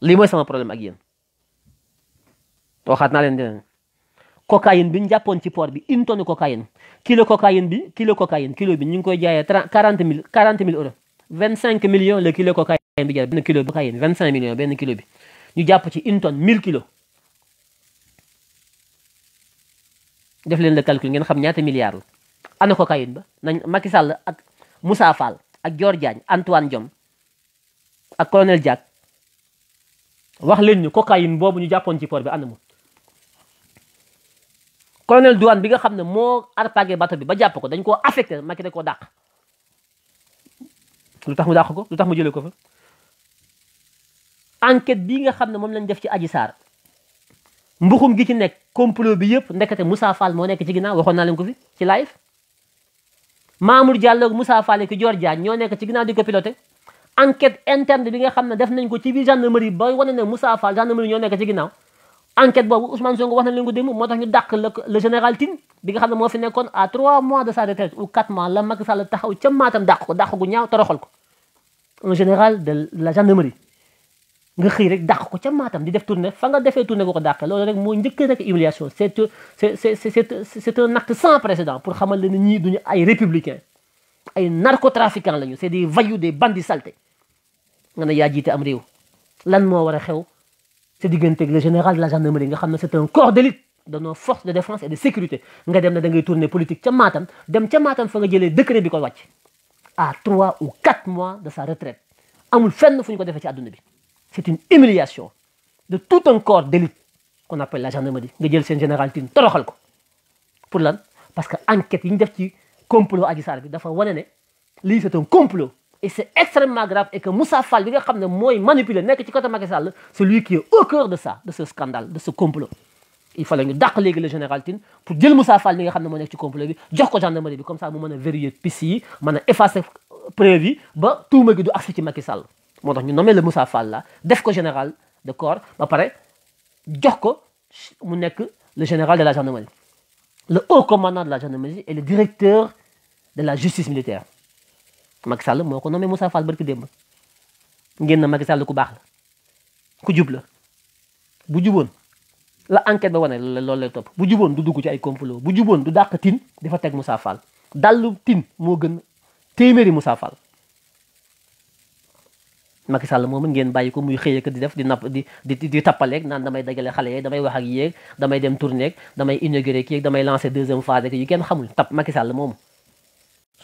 lii mooy sama problème ak yéen waxaat naa leen dinañ cocaïne bi ñu jàppoon ci port bi une tonne cocaïne kilo cocaïne bi kilo cocaïne kilo bi ñu ngi koy jaayee trente quarante mille quarante mille euros vingt cinq millions le kilo cocaïne bi jar benn kilo bi cocaïne vingt cinq millions kilo bi ñu jàpp ci une tonne mille kilos. def leen le calcul ngeen xam ñaata milliards la ana cocaïne ba na Macky Sall ak Moussa Fall ak Dior Diagne Antoine Diome ak colonel Diack. wax leen ñu cocaïne boobu ñu jàppoon ci port bi ànd mu colonel douane bi nga xam ne moo arpagé bato bi ba jàpp ko dañ koo affecté Macky da koo dàq lu tax mu dàq ko lu tax mu jëlee ko fa enquête bi nga xam ne moom lañ def ci Adji saar mbuxum gi ci nekk complot bi yëpp ndekete Moussa faal moo nekk ci ginnaaw waxoon naa leen ko fi ci live Mamour Diallo ak Moussa Fall ki Dior Diagne ñoo nekk ci ginnaaw di ko piloté enquête interne bi nga xam ne def nañ ko ci biir gendarmerie ba wane ne Moussa Fall gendarmerie ñoo nekk ci ginnaaw enquête boobu Ousmane Sonko wax na leen ko démb moo tax ñu dàq le général Tine bi nga xam ne moo fi nekkoon à 3 mois de sa retraite ou 4 la Macky Sall taxaw ca Matam dàq ko dàq la gendarmerie xëy rek dàq ko ca Matam di def tournée fa nga defee tournée boo ko loolu rek moo njëkk rek humiliation c' est c'est c'est un acte sans précédent pour xamal leen ni ñii duñu ay républicain ay narcotrafiquant lañu c' est des voyous des bandits nga ne yaa jiite am réew lan moo war a xew sa diggante le général de la gendarmerie nga xam ne c'est un corps d'élite de nos forces de défense et de sécurité nga dem ne da ngay tourner politique ca Matam dem ca Matam fa nga jëlee décret bi ko wàcc à trois ou quatre mois de sa retraite amul fenn fu ñu ko defee ci àdduna bi c'est une humiliation de tout un corps d'élite qu'on appelle la gendarmerie nga jël seen général tin toroxal ko pour lan parce que enquête yi ñu def ci complot Adji Sarr bi dafa wane ne lii c'est un complot et c'est extrêmement grave et que Moussa Fall bi nga xam ne manipuler celui c'est lui qui est au cœur de ça de ce scandale de ce complot il fallait que nous le général Tine pour dire Moussa Fall bi nga xam ne moo ci complot bi jox ko gendarmerie comme ça mu mën a de piste yi a effacer preuve le ba tuuma gi du agsi ci Macky Sall moo nommé le Moussa Fall la def général de corps ba pare jox ko mu le général de la gendarmerie le haut commandant de la gendarmerie et le directeur de la justice militaire Macky Sall moo ko nommé Moussa Fall barki démb ngeen na Macky Sall ku baax la ku jub la bu juboon la enquête ba wane loolu lay topp bu juboon du dugg ci ay complot bu juboon du dàq tin dafa teg Moussa Fall dallu tin moo gën téeméeri Moussa Fall Macky Sall moom ngeen bàyyi ko muy xëy ak di def di napp di di di tappaleeg naan damay dajale xale yeeg damay wax ak yéeg damay dem tourné damay inauguré kii damay lancé deuxième phase ak yu kenn xamul tapp Macky Sall moomu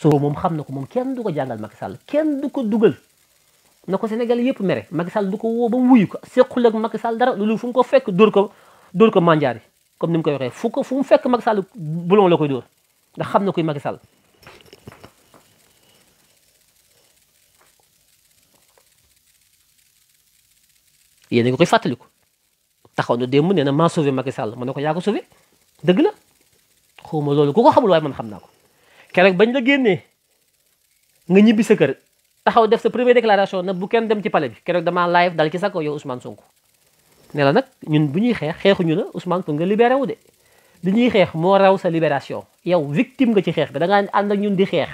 soo moom xam na ko moom kenn du ko jàngal Macky Sall kenn du ko dugal na ko senegal yëpp mere Macky Sall du ko woo ba mu wuyu ko sequl ak Macky Sall dara loolu fu mu ko fekk dóor ko dóor ko manjaari comme ni mu koy waxee fu ko fu mu fekk Macky Sall bulon la koy dóor ndax xam na koy Macky Sall yéen koy fàttaliku taxaw na démb nee na maa sauvé Macky Sall ma ne ko yaa ko sauvé dëgg la xawma loolu ku ko xamul waaye man xam naa ko keroog bañ la génnee nga ñibbi sa kër taxaw def sa première déclaration na bu kenn dem ci pale bi keroog damaa live dal ci sa kaw yow Ousmane Sonko. ne la nag ñun bu ñuy xeex xeexuñu la Ousmane pour nga libere wu de li ñuy xeex moo raw sa libération yow victime nga ci xeex bi da ngaa ànd ak ñun di xeex.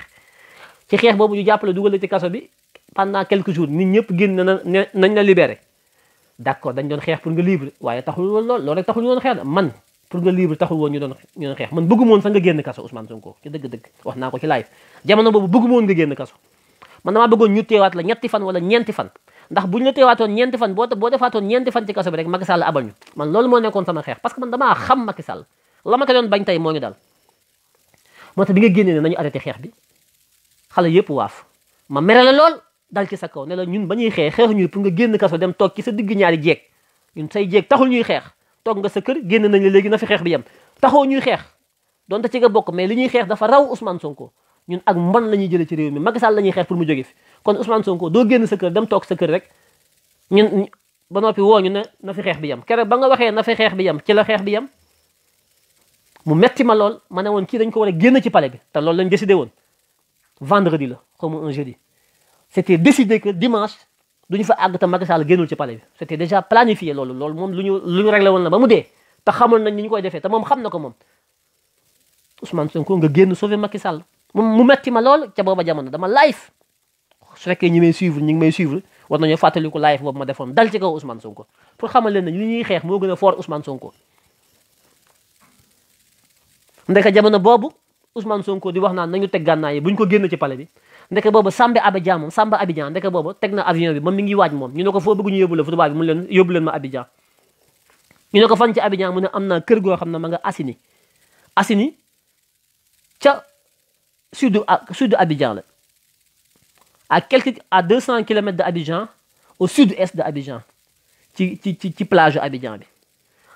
ci xeex boobu ñu jàppale dugal ci kaso bi pendant quelques jours nit ñëpp génn na nañ la libéré d' accord dañ doon xeex pour nga libre waaye taxul woon lool loolu rek taxul man. pour nga libre taxul won ñu don ñu xex man bëgguma won sa nga genn kaso Ousmane Sonko ci deug deug wax na ko ci live jamono bobu bëgguma woon nga genn kaso man dama bëggoon ñu téwaat la ñetti fan wala ñenti fan ndax buñ la teewaatoon ñenti fan bo bo defaatoon ñenti fan ci kasso bi rek Macky Sall abal ñu man loolu mo nekkoon sama xex parce que man dama xam Macky Sall la ma doon bañ tay mo ngi dal mo ta bi nga genné nañu arrêté xex bi yépp waaf ma mere la lool dal ci sa kaw ne la ñun bañuy xex xex ñu pour nga genn kaso dem tok ci sa digg ñaari jeeg ñun say jeeg taxul ñuy xex toog nga sa kër génn nañ la léegi na fi xeex bi yem taxoo ñuy xeex donte ci nga bokk mais li ñuy xeex dafa raw Ousmane Sonko ñun ak mbon la ñuy jëlee ci réew mi Macky Sall la ñuy xeex pour mu jóge fi kon Ousmane Sonko doo génn sa kër dem toog sa kër rek ñun ba noppi woo ñu ne na fi xeex bi yem keroog ba nga waxee na fi xeex bi yem ci la xeex bi yem mu metti ma lool ma ne woon kii dañ ko war a génn ci pale bi te loolu lañ décidé woon vendredi la xaw ma un jeudi c'était décidé que dimanche du duñu fa àgg te Macky Sall génnul pale palais bi c'était déjà planifié loolu loolu moom lu ñu lu ñu réglé woon ba mu dee te xamoon nañ ni ñu koy defee te moom xam na ko moom Ousmane Sonko nga génn sauvé Macky Sall moom mu metti ma lool ca booba jamono dama live su fekkee ñi may suivre ñi ngi may suivre war nañoo fàttali ko live boobu ma defoon dal ci kaw Ousmane Sonko pour xamal leen ne li ñuy xeex moo gën a fort Ousmane Sonko jamono boobu Ousmane Sonko di wax naan nañu teg gànnaay yi buñ ko génn ci palais bi ndeke boobu Samba Abidjan moom Samba Abidjan ndeke boobu teg na avion bi moom mi ngi waaj moom ñu ne ko foo bëgg ñu yóbbu la fotuba mu leen yóbbu leen ma Abidjan ñu ne ko fan ci Abidjan mu ne am na kër goo xam ne ma nga Assini Assini ca sud sud Abidjan la a quelques à deux cent kilomètres de Abidjan au sud-est de Abidjan ci ci ci ci plage Abidjan bi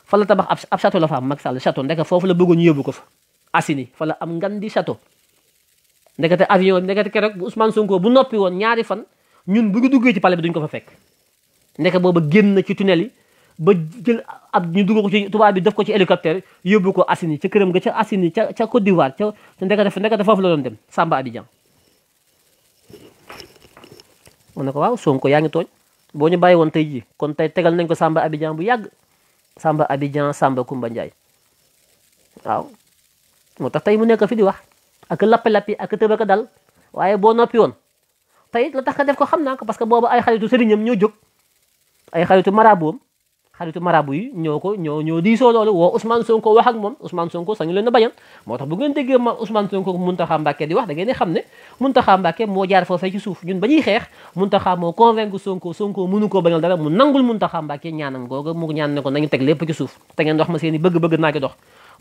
fa la tabax ab château la fa am Macky Sall château ndeke foofu la bëggoon ñu yóbbu ko fa Assini fa am ngan di château ndekete avion bi ndekete keroog bu Ousmane Sonko bu noppi woon ñaari fan ñun bu ñu duggee ci palais bi duñ ko fa fekk ndeke booba génn ci tunnel yi ba jël ab ñu dugg ko ci tubaab bi def ko ci hélicoptère yóbbu ko Assini ca këram ga ca Assini ca ca Côte d'Ivoire ca ndekete ndekete foofu la doon dem Samba Abidjan mu ne ko waaw Sonko yaa ngi tooñ boo ñu bàyyi woon tey jii kon tey tegal nañ ko Samba Abidjan bu yàgg Samba Abidjan Samba Kumba Ndiaye waaw moo tax tey mu nekk fi di wax ak lappi-lappi ak tëb ak dal waaye bo nopi won tay la tax ka def ko xamna ko parce que bobu ay xaritu serignam ñoo jog ay xaritu marabuam xaritu marabu yi ñoo ko ñoo ñoo so loolu wo Ousmane Sonko wax ak mom Ousmane Sonko sañu leen a bañal motax bu ngeen déggé ma Ousmane Sonko muntaha Mbacké di wax da ngeen di xamné ne Mbacké mo jaar fofé ci suuf ñun bañuy xex muntaha mo moo convaincre Sonko Sonko mënu ko bañal dara mu nangul muntaha Mbacké ñaanam googa mu ñaan ne ko nañu tek lepp ci suuf ta ngeen wax ma seeni bëgg-bëgg na ci dox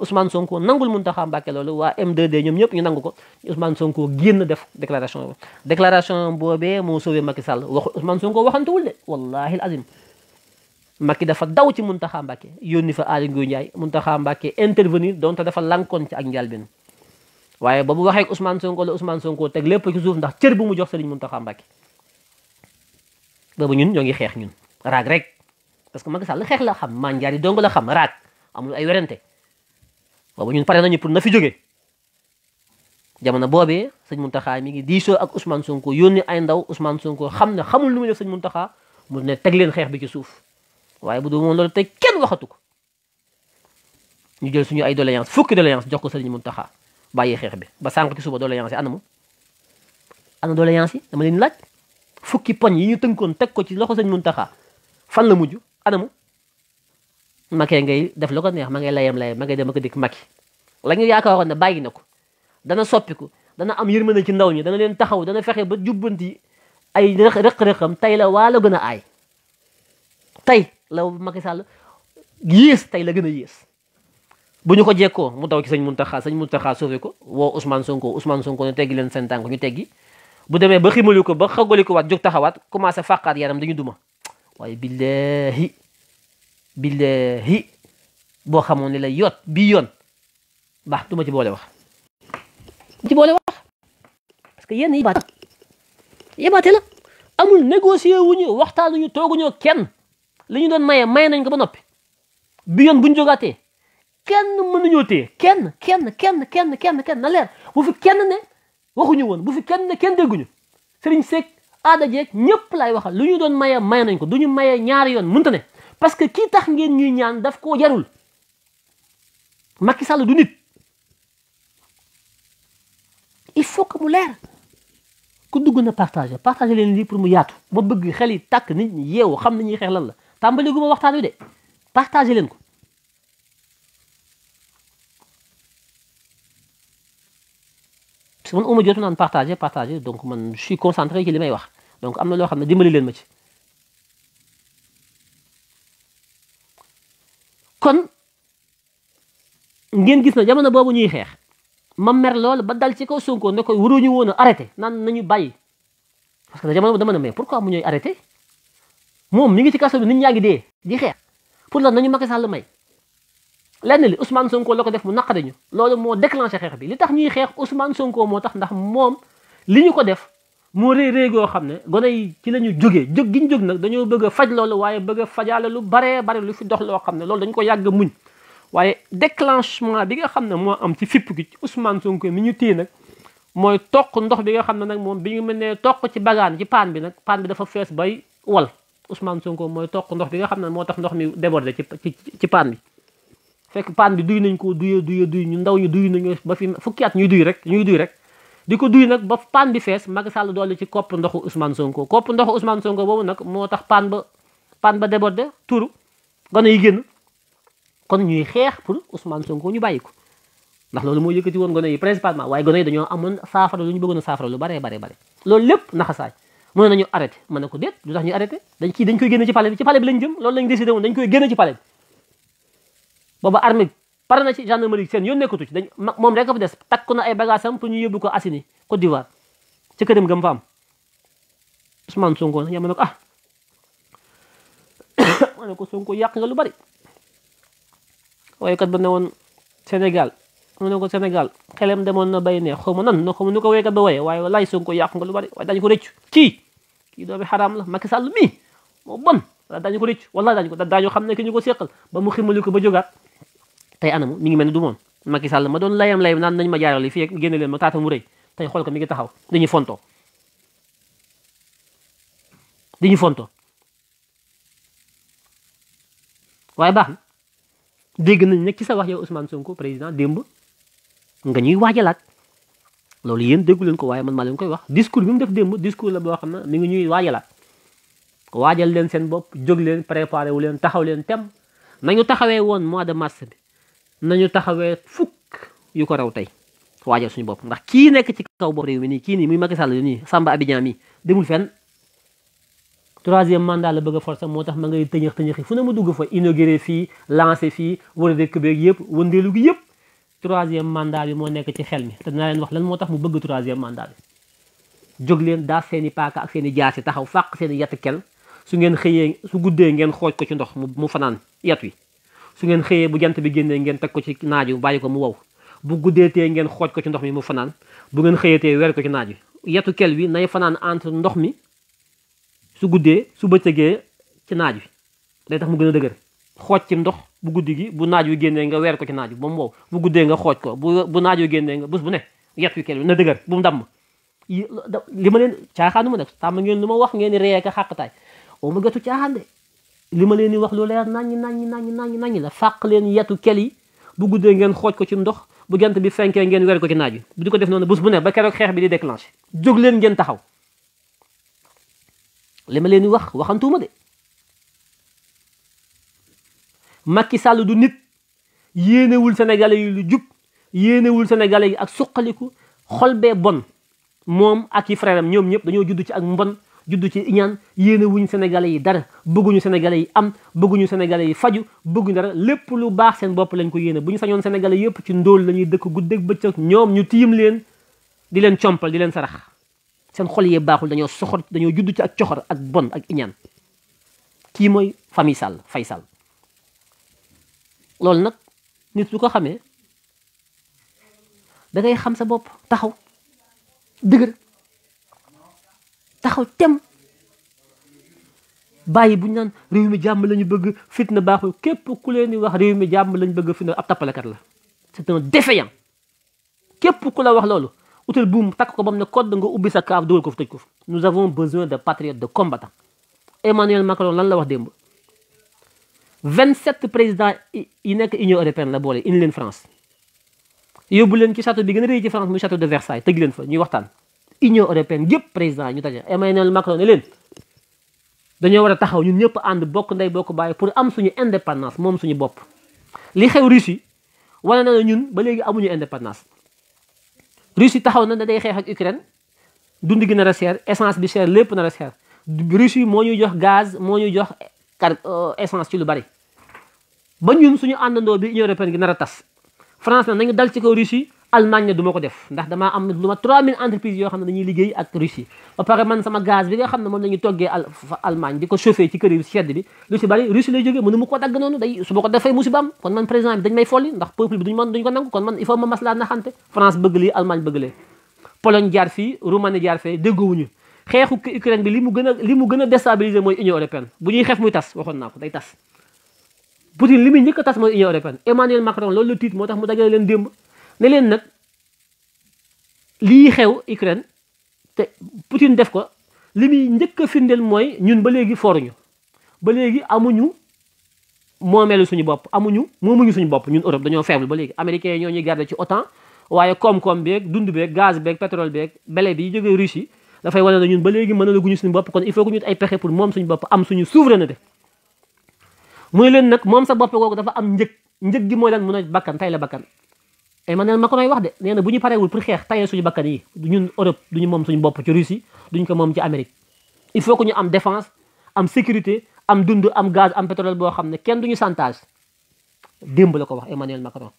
Ousmane Sonko nangul Mountakha Mbacké loolu waa M2D ñoom ñëpp ñu nangu ko sonkoo Sonko génn def déclaration déclaration boobee moo sauvé Macky Sall wax Ousmane Sonko waxantuwul de wallahi al azim Macky dafa daw ci ta Mountakha Mbacké yónni fa Aly Ngouille Ndiaye Mountakha Mbacké intervenir donte dafa lankoon ci ak njëlbeen waaye ba bu waxee ak Ousmane Sonko la Ousmane Sonko teg lépp ci suuf ndax cër bu mu jox Serigne Mountakha Mbacké boobu ñun ñoo ngi xeex ñun raag rek parce que Macky xeex la xam manjaari dong la raag amul ay werante boobu ñun pare nañu pour na fi jóge jamono boobee sëñ Muntaxa mi ngi diisoo ak Ousmane Sonko yónni ay ndaw Ousmane Sonko xam ne xamul lu muy def sëñ Muntaxa mu ne teg leen xeex bi ci suuf waaye bu dul moom loolu tey kenn waxatu ko ñu jël suñu ay doléance fukki doléance jox ko sëñ Muntaxa bàyyi xeex bi sànq ci suba doléance yi ana mu ana doléance yi dama fukki poñ yi ñu tënkoon teg ko ci loxo sëñ Muntaxa fan la mujj ana mu Macky ngay def lu ko neex ma ngay layam layam ma ngay dem ak dikk Macky la ñu yaakaaroon ne bàyyi na ko dana soppiku dana am yërmande ci ndaw ñi dana leen taxaw dana fexe ba jubbanti ay rëq-rëqam tey la waa la gën a aay tey la Macky Sall yées tey la gën a yées bu ñu ko jekkoo mu daw ci sëñ mun sëñ xaar sauvé ko woo Ousmane Sonko Ousmane Sonko ne teggi leen seen tànk ñu teggi bu demee ba ximali ko ba xaggali ko waat taxawaat commencé fàqaat yaram dañu duma waaye billahi billahi boo xamoon ne la yot bi yoon baax du ma ci boole wax du ci boole wax parce que yenn yébaate yébaate la amul négocier wuñu waxtaanuñu tooguñoo kenn lu ñu doon maye maye nañ ko ba noppi bi yoon bu ñu jógaatee kenn mënuñoo téye kenn kenn kenn kenn kenn kenn na leer bu fi kenn ne waxuñu woon bu fi kenn ne kenn dégguñu sëriñ sek ada jeeg ñëpp laay waxal lu ñu doon maye maye nañ ko du ñu maye ñaari yoon mënta ne parce que ki tax ngeen ñuy ñaan daf ko yarul Macky Sall du nit il faut que mu leer ku dugg na partagé partagé leen lii pour mu yaatu ma bëgg xel yi tàkk nit ñi yeewu xam nañuy xeex lan la tàmbali gu waxtaan wi de partager leen ko parce que man uma jotu naan partager partager donc man je suis concentré ci li may wax donc am na loo xam ne dimbali leen ma ci kon ngeen gis na jamono boobu ñuy xeex ma mer lool ba dal ci kaw Sonko ne ko waruñu woon a arrêté na nañu bàyyi parce que jamono dama ne mais pourquoi mu ñooy arrêté moom mi ngi ci kaso bi nit ñaa dee di xeex pour lan nañu Macky Sall may lenn li Ousmane Sonko la ko def mu naqariñu loolu moo déclenché xeex bi li tax ñuy xeex Ousmane sonkoo moo tax ndax moom li ñu ko def moo rëy rëy goo xam ne gone yi ci la ñu jógee jóg gi ñu nag dañoo bëgg a faj loolu waaye bëgg a fajaale lu baree bare lu fi dox loo xam ne loolu dañ ko yàgg muñ waaye déclenchement bi nga xam ne moo am ci fipp gi ci mi ñu téye nag mooy toq ndox bi nga xam ne nag moom bi ñu mel ne toq ci bagaan ci paan bi nag paan bi dafa fees bay wal Ousmane Sonko mooy toq ndox bi nga xam ne moo tax ndox mi débordé ci ci paan bi fekk paan bi duy nañ ko duyee duyee duy ñu ndaw ñu duy nañu ba fi fukki at ñuy duy rek ñuy duy rek di ko duy nag ba paan bi fees Macky Sall dolli ci kopp ndoxu Ousmane Sonko kopp ndoxu Ousmane Sonko boobu nag moo tax paan ba paan ba débordé turu gone yi génn kon ñuy xeex pour Ousmane Sonko ñu bàyyi ko ndax loolu moo yëkkati woon gone yi principalement waaye gone yi dañoo amoon saafara lu ñu bëggoon a saafara lu baree baree bare loolu lépp naxasaay mën nañu arrêté mën na ko déet lu tax ñu arrêté dañ ci dañ koy génne ci palais bi ci palais bi lañ jëm loolu lañ décidé woon dañ koy génne ci palais bi parna na ci gendarmerie seen yoon nekkatu ci mom rek fa dess takku na ay bagagem pour ñu yobbu ko asini Côte d'Ivoire ci këram gam fam am Ousmane Sonko ya yàlla ah ma [coughs] ko Sonko yak nga lu bari way kat ba won senegal Sénégal mu ko Sénégal xelam demon na bay ne xaw nan no xaw ma nu ko wéykat ba way waaye lay Sonko yak nga lu bari way dañ ko ki ki do doomi haram la Macky Sall mi mo bon dañ ko rëccu wallahi dañ ko dañu xamne ki ñuko ko ba mu ximali ko ba jogat tey anamu mi ngi mel ni du moom Macky Sall ma doon layam layam naan nañ ma jaarale fii ak génne leen ma taata mu rëy tey xool ko mi ngi taxaw dañuy fontoo dañuy fontoo waaye baax na dégg nañ nag ci sa wax yow Ousmane Sonko président démb nga ñuy waajalaat loolu yéen déggu leen ko waaye man maa leen koy wax discours bi mu def démb discours la boo xam ne mi ngi ñuy waajalaat waajal leen seen bopp jog leen préparé wu leen taxaw leen tem nañu taxawee woon mois de mars bi nañu taxawé fuk yu nah, ko raw tay waja suñu bop ndax kii nekk ci kaw bopp réew mi nii kii muy Macky Sall Samba Abidjan mi demul fenn troisième mandat la bëgg a forcer tenyak tenyak. ma ngay tëñëx tëñëxi fu ne mu dugg fa inauguré fii lancé fii wala dëkk beeg yëpp wëndeelu gi yëpp troisième mandat bi moo nekk ci xel mi te dinaa leen wax lan moo mu bëgg troisième mandat bi jóg leen paaka ak jaasi taxaw kel su ngeen xëyee su guddee ngeen xooj ko ci mu fanan yatwi su ngeen xëyee bu jant bi génnee ngeen teg ko ci naaju bàyyi ko mu wow bu guddeetee ngeen xooj ko ci ndox mi mu fanaan bu ngeen xëyatee weer ko ci naaju yetu kel bi nay fanaan entre ndox mi su guddee su bëccëgee ci naaj wi day tax mu gën a dëgër xooj ci ndox bu guddi gi bu naaj wi génnee nga weer ko ci naaj wi ba mu wow bu guddee nga xooj ko bu naaj wi génnee nga bés bu ne yet wi kel bi na dëgër bu mu damm li ma leen caaxaanu ma nag tàmm ngeen lu ma wax ngeen reeka xàqtaay oo ma gëtu caaxaan de li ma leen di wax lu leer naññ naññ naññ naññ naññ la fàq leen yetu kel yi bu guddee ngeen xooj ko ci ndox bu jant bi fenkee ngeen weer ko ci naaj bi di ko def noonu bés bu ne ba keroog xeex bi di déclenché jóg leen ngeen taxaw li ma leen di wax waxantuuma de Macky Sall du nit yéenewul Sénégalais yi lu jub yéenewul Sénégalais yi ak suqaliku xol bee bon moom ak yi frèram ñoom ñëpp dañoo judd ci ak mbon juddu ci iñaan yéene wuñ sénégalais yi dara bëgguñu sénégalais yi am bëgguñu senegale yi faju bëgguñu dara lépp lu baax seen bopp lañ ko yéene bu ñu sañoon sénégalais yëpp ci ndóol la ñuy dëkk guddeeg bëccëg ñoom ñu tiim leen di leen compal di leen sarax seen xol yee baaxul dañoo soxor dañoo juddu ci ak coxor ak bon ak iñaan kii mooy famille Sall Faye Sall loolu nag nit su ko xamee da xam sa bopp taxaw dëgër taxaw tem bàyyi buñ ñu naan réew mi jàmm la bëgg fitna baaxu képp ku leen di wax réew mi jàmm la bëgg fitna ab tappalekat la c'est un défaillant képp ku la wax loolu utal buum takk ko bam mu ne code nga ubbi sa kaaf dugal ko fi tëj ko nous avons besoin de patriotes de combattants Emmanuel Macron lan la wax démb 27 présidents yi nekk Union européenne la boole indi leen France yóbbu leen ci château bi gën a rëy ci France muy château de Versailles tëj leen fa ñuy waxtaan union européenne yépp président ñu daje Emmanuel Macron ni leen dañu wara taxaw ñun ñëpp and bokk nday bokk baye pour am suñu indépendance moom suñu bopp li xew Russie wala na ñun ba légui amuñu indépendance Russie taxaw na day xex ak Ukraine dund gi na ra cher essence bi cher lépp na ra cher Russie moo ñuy jox gaz moo ñuy jox car euh, essence ci lu bari ba ñun suñu àndandoo bi union européenne gi nar tas France na nañu dal ci kaw Russie Allemagne ne du def ndax damaa am lu ma 3000 entreprises yoo xam ak Russie ba pare man sama gaz bi nga xam ne moom toggee Allemagne di ko ci kër yi sedd bi lu bari Russie lay jógee mënu ma ko dagg noonu day su ma ko defee kon man président bi may folli ndax peuple bi duñu mën nangu kon man il faut ma maslaa naxante France bëgg lii Allemagne bëgg lee Pologne jaar fii Roumanie jaar fee déggoowuñu xeexu muy tas ne leen nag lii xew Ukraine te Poutine def ko li muy njëkk a firndeel mooy ñun ba léegi fooruñu ba léegi amuñu moomeelu suñu bopp amuñu moomuñu suñu bopp ñun Europe dañoo faible ba léegi américains yi ñoo ñuy garder ci OTAN waaye koom-koom beek dund beeg gaz beeg pétrole beek bele bi jógee Russie dafay wane ne ñun ba léegi mën ñu suñu bopp kon il faut que ñu ay pexe pour moom suñu bopp am suñu souveraineté mu ne leen nag moom sa bopp kooku dafa am njëg njëg gi mooy lan mun a bakkan la bakkan Emmanuel eh, Macron wax de nee na bu ñu pareewul pour xeex tayee suñu bakkan yi ñun Europe duñu moom suñu bopp ci Russie duñ ko moom ci Amérique il faut que ñu am défense am sécurité am dund am gaz am pétrole boo xam ne kenn duñu chantage démb la ko wax Emmanuel Macron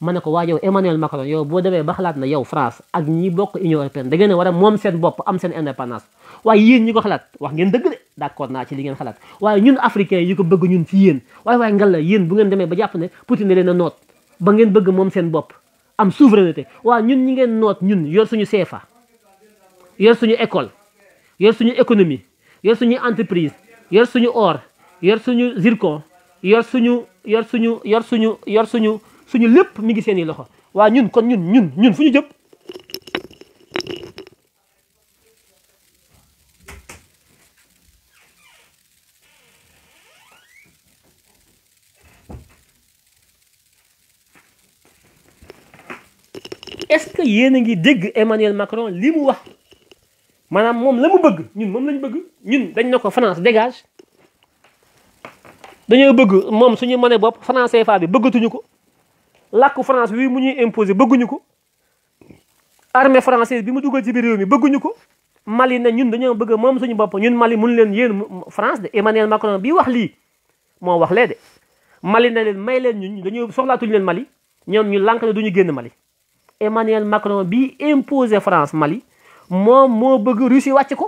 ma ne ko waa yow Emmanuel Macron yow boo demee ba xalaat na yow France ak ñi bokk Union européenne da ngeen a war a moom seen bopp am seen indépendance waaye yéen ñi ko xalaat wax ngeen dëgg de d'accord ci li ngeen xalaat waaye ñun africains yi ko bëgg ñun ci yéen waaye waaye ngal yéen bu ngeen demee ba jàpp ne Poutine leen a noot ba ngeen bëgg moom seen bopp am souveraineté waa ñun ñi ngeen noot ñun yor suñu CFA yor suñu école yor suñu économie yor suñu entreprise yor suñu or yor suñu zircon yor suñu yor suñu yor suñu yor suñu suñu lépp mi ngi seen i loxo waaw ñun kon ñun ñun ñun fu ñu jëm est-ce que yéen a ngi dégg Emmanuel Macron lii mu wax maanaam moom la mu bëgg ñun moom lañu bëgg ñun dañu na ko France dégage dañoo bëgg moom suñu mënee bopp France CFA bi bëggatuñu ko lakk France wi mu ñuy imposer bëgguñu ko armée française bi mu dugal ci biir réew mi bëgguñu ko Mali na ñun dañoo bëgg moom suñu bopp ñun Mali mun leen yéen France de Emmanuel Macron bi wax lii moo wax lee de Mali na leen may leen ñun dañoo soxlaatuñu leen Mali ñoom ñu lànk ne duñu génn Mali Emmanuel Macron bi imposé France Mali moom mo bëgg Russie wàcc ko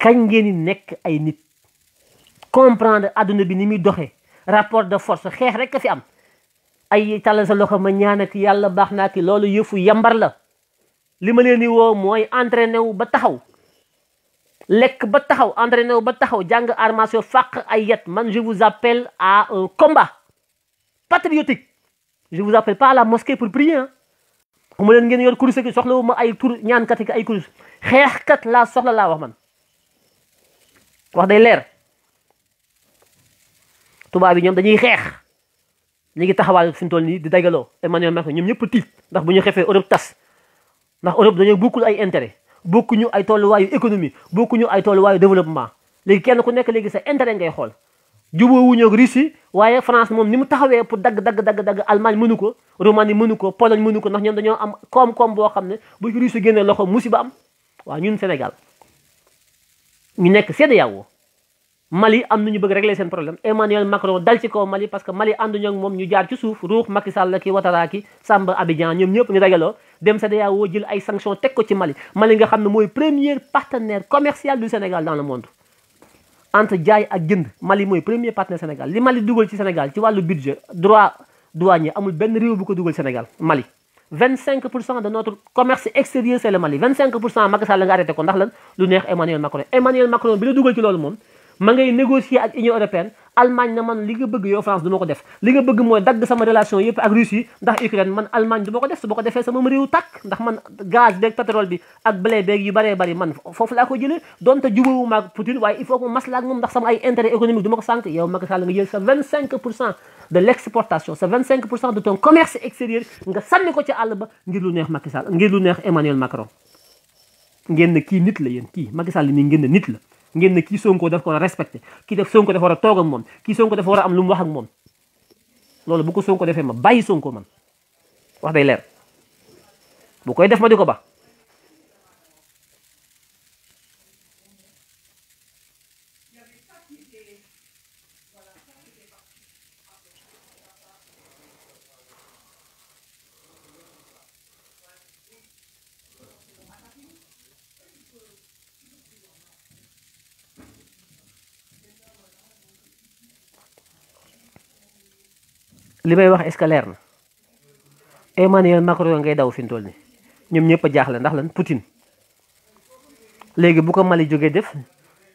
kañ ngeen nekk ay nit comprendre aduna bi ni mi rapport de force xeex rek a fi am ay tàllal sa loxo ma ñaan ak yàlla baax ki yambar la li ma leen di woo mooy entraîné wu ba taxaw lek ba taxaw entraîné wu ba taxaw jang armation fàq ay yet man je vous appelle à un combat patriotique je ne vous appelle pas à la mosquée pour prier Je bu des courses vous avez ay des ay la soxla la wax man wax day des dañuy ngi Emmanuel Macron ñoom qui. petit. ndax bu ñu Europe tas ndax Europe dañoo Beaucoup ay intérêt ay économie développement Les kenn ku intérêt wuñu ak russi waye France mom ni taxawé pour dag dag dag dag Allemagne mënuko romani mënuko mënu ko Pologne mënu ndax ñom dañoo am kom kom bo xamné ne bu russi génnee loxo musiba am wa ñun Sénégal ñu nekk e e Mali am nañu bëgg régler sen problème Emmanuel Macron dal ci ko Mali parce que Mali ànduñu ak mom ñu jaar ci souf ruux Macky Sall ki watara ki Samba Abidjan ñom ñëpp ñu dajaloo dem CEDEAO jël ay sanctions tek ko ci Mali Mali nga xamné moy premier partenaire commercial du Sénégal dans le monde entre jaay ak jënd Mali moy premier partenaire Sénégal li Mali duggal ci Sénégal ci walu budget droit douanier amul ben réew bu ko duggal Sénégal Mali. 25 de notre commerce extérieur c'est le Mali 25 pour cent Macky Sall nga arrêté ko ndax lan lu neex Emmanuel Macron Emmanuel Macron bi la duggal ci lolu mom man ngay négocier ak Union européenne Allemagne na man li nga bëgg yow France du ma ko def li nga bëgg mooy dagg sama relation yëpp ak Russie ndax Ukraine man Allemagne du ma def su ma defee sama réew tàkk ndax man gaz beeg pétrole bi ak blé beeg yu bëree bëri man foofu laa ko jëlee donte jubóowu maag Poutine waaye il faut que maslaa ak moom ndax sama ay intérêt économique du ma ko sànq yow Macky Sall nga jël sa 25 pour cent de l' sa 25 kii nit la yéen kii Macky ngeen ne nit la ngeen ne kii Sonko def ko war a respecté kii def Sonko dafa war a toog ak moom kii Sonko dafa war a am lu mu wax ak moom loolu bu ko defee ma bàyyi Sonko man wax day leer bu koy def ma di ko ba li may wax est na Emmanuel eh, Macron ngay daw fi mu toll nii ñoom ñëpp a jaaxle ndax lan Poutine léegi bu ko Mali jógee def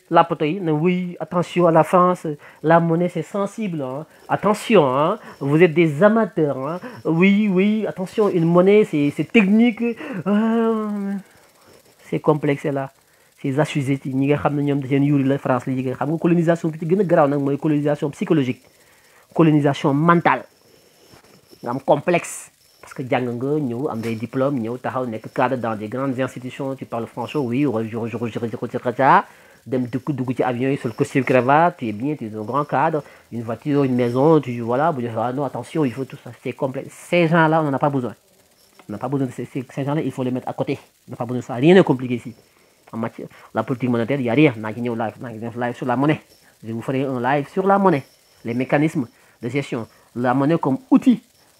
làppato yi ne oui attention à la France la monnaie c'est sensible hein. attention hein. vous êtes des amateurs hein. oui oui attention une monnaie c'est c'est technique euh... c'est complexe là ces assujettis ñi nga xam ne ñoom da seen yuuri la France li nga xam nga colonisation bi ci gën a garaaw nag mooy colonisation psychologique colonisation mentale complexe parce que Django nga des diplômes ñeu taxaw nek cadre dans des grandes institutions tu parles français oui dem coup dugg ci avion sur costume cravate tu es bien tu es un grand cadre une voiture une maison tu voilà bu ah non attention il faut tout ça c'est complexe ces gens là on n'en a pas besoin on n'a pas besoin de ces, gens là il faut les mettre à côté on n'a pas besoin de ça rien n'est compliqué ici en matière la politique monétaire il n'y a rien On a live live sur la monnaie je vous ferai un live sur la monnaie les mécanismes de gestion la monnaie comme outil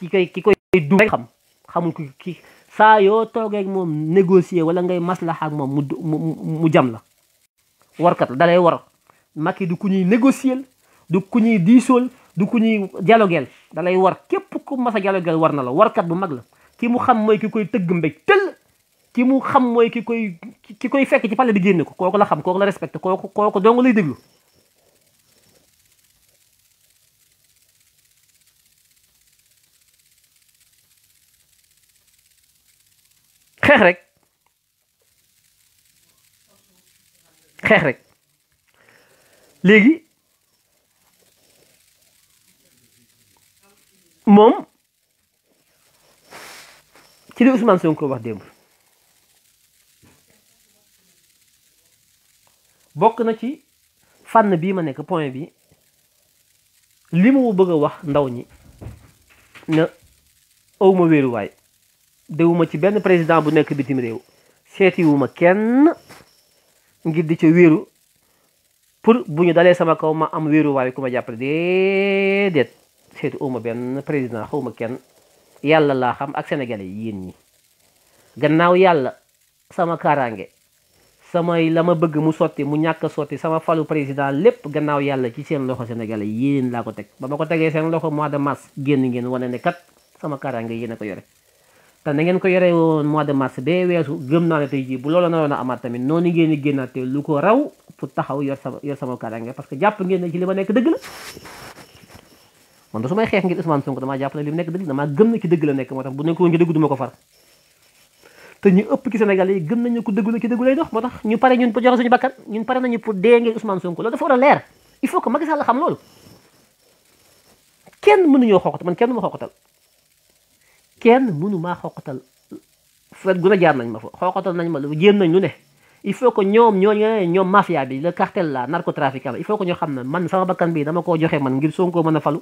ki koy ki koy du xam xamul ki ki saa yoo toogeeg moom négocier wala ngay maslaxa ak moom mu mu jam la warkat la dalay war Macky du ku ñuy négocier du ku ñuy diisool du ku ñuy dialogueel dalay war képp ku mas a dialogueel war na la warkat bu mag la ki mu xam mooy ki koy tëgg mbéj tëll ki mu xam mooy ki koy ki koy fekk ci pale bi génne ko kooku la xam ko kooku la respecté kooku kooku dong lay déglu xeex rek xeex rek léegi moom ci li Ousmane Sonko wax démb bokk na ci fànn bii ma nekk point bi li mu bëgg a wax ndaw ñi na awma wéeruwaay dewuma ci ben président bu nek bitim seti wuma kenn ngir di ci wëru pour buñu dalé sama kaw ma am wëru waaye kuma japp jàppale déedéet seti wuma ben président xawma kenn yalla la xam ak sénégalais yeen ñi gannaaw yalla sama karange sama la bëgg mu soti mu ñaka soti sama falu président lip gannaaw yalla ci seen loxo sénégalais yeen la ko tek. ba ma ko seen loxo mois de mars genn ngeen wone ne kat sama karange yeen ko te na ngeen ko yore woon mois de mars bee weesu gëm naa ne tey jii bu loola naroon a amaat tamit noonu ngeen di génnaat te lu ko raw pour taxaw yor sama karange parce que jàpp ngeen ne ci li nekk dëgg la man da ne li mu nekk dëgg damaa gëm ne ci dëgg la nekk moo tax bu nekk woon ci dëgg du ko far ñu ëpp ci Sénégal yi nañu ko dëgg la ci dox moo tax ñu pare ñun pour joxe suñu bakkan ñun pare nañu pour dee ngir Ousmane Sonko loolu dafa war a leer il faut que Macky Sall xam loolu kenn mënuñoo xooxatal man kenn kenn mënu maa xoqatal fet gu ne jaar nañ ma fa xoqatal nañ ma lu jéem nañ lu ne il faut que ñoom ñooñu ñoom mafia bi le cartel la narcotrafiquant il faut que ñoo xam ne man sama bakkan bi dama ko joxe man ngir Sonko mën a falu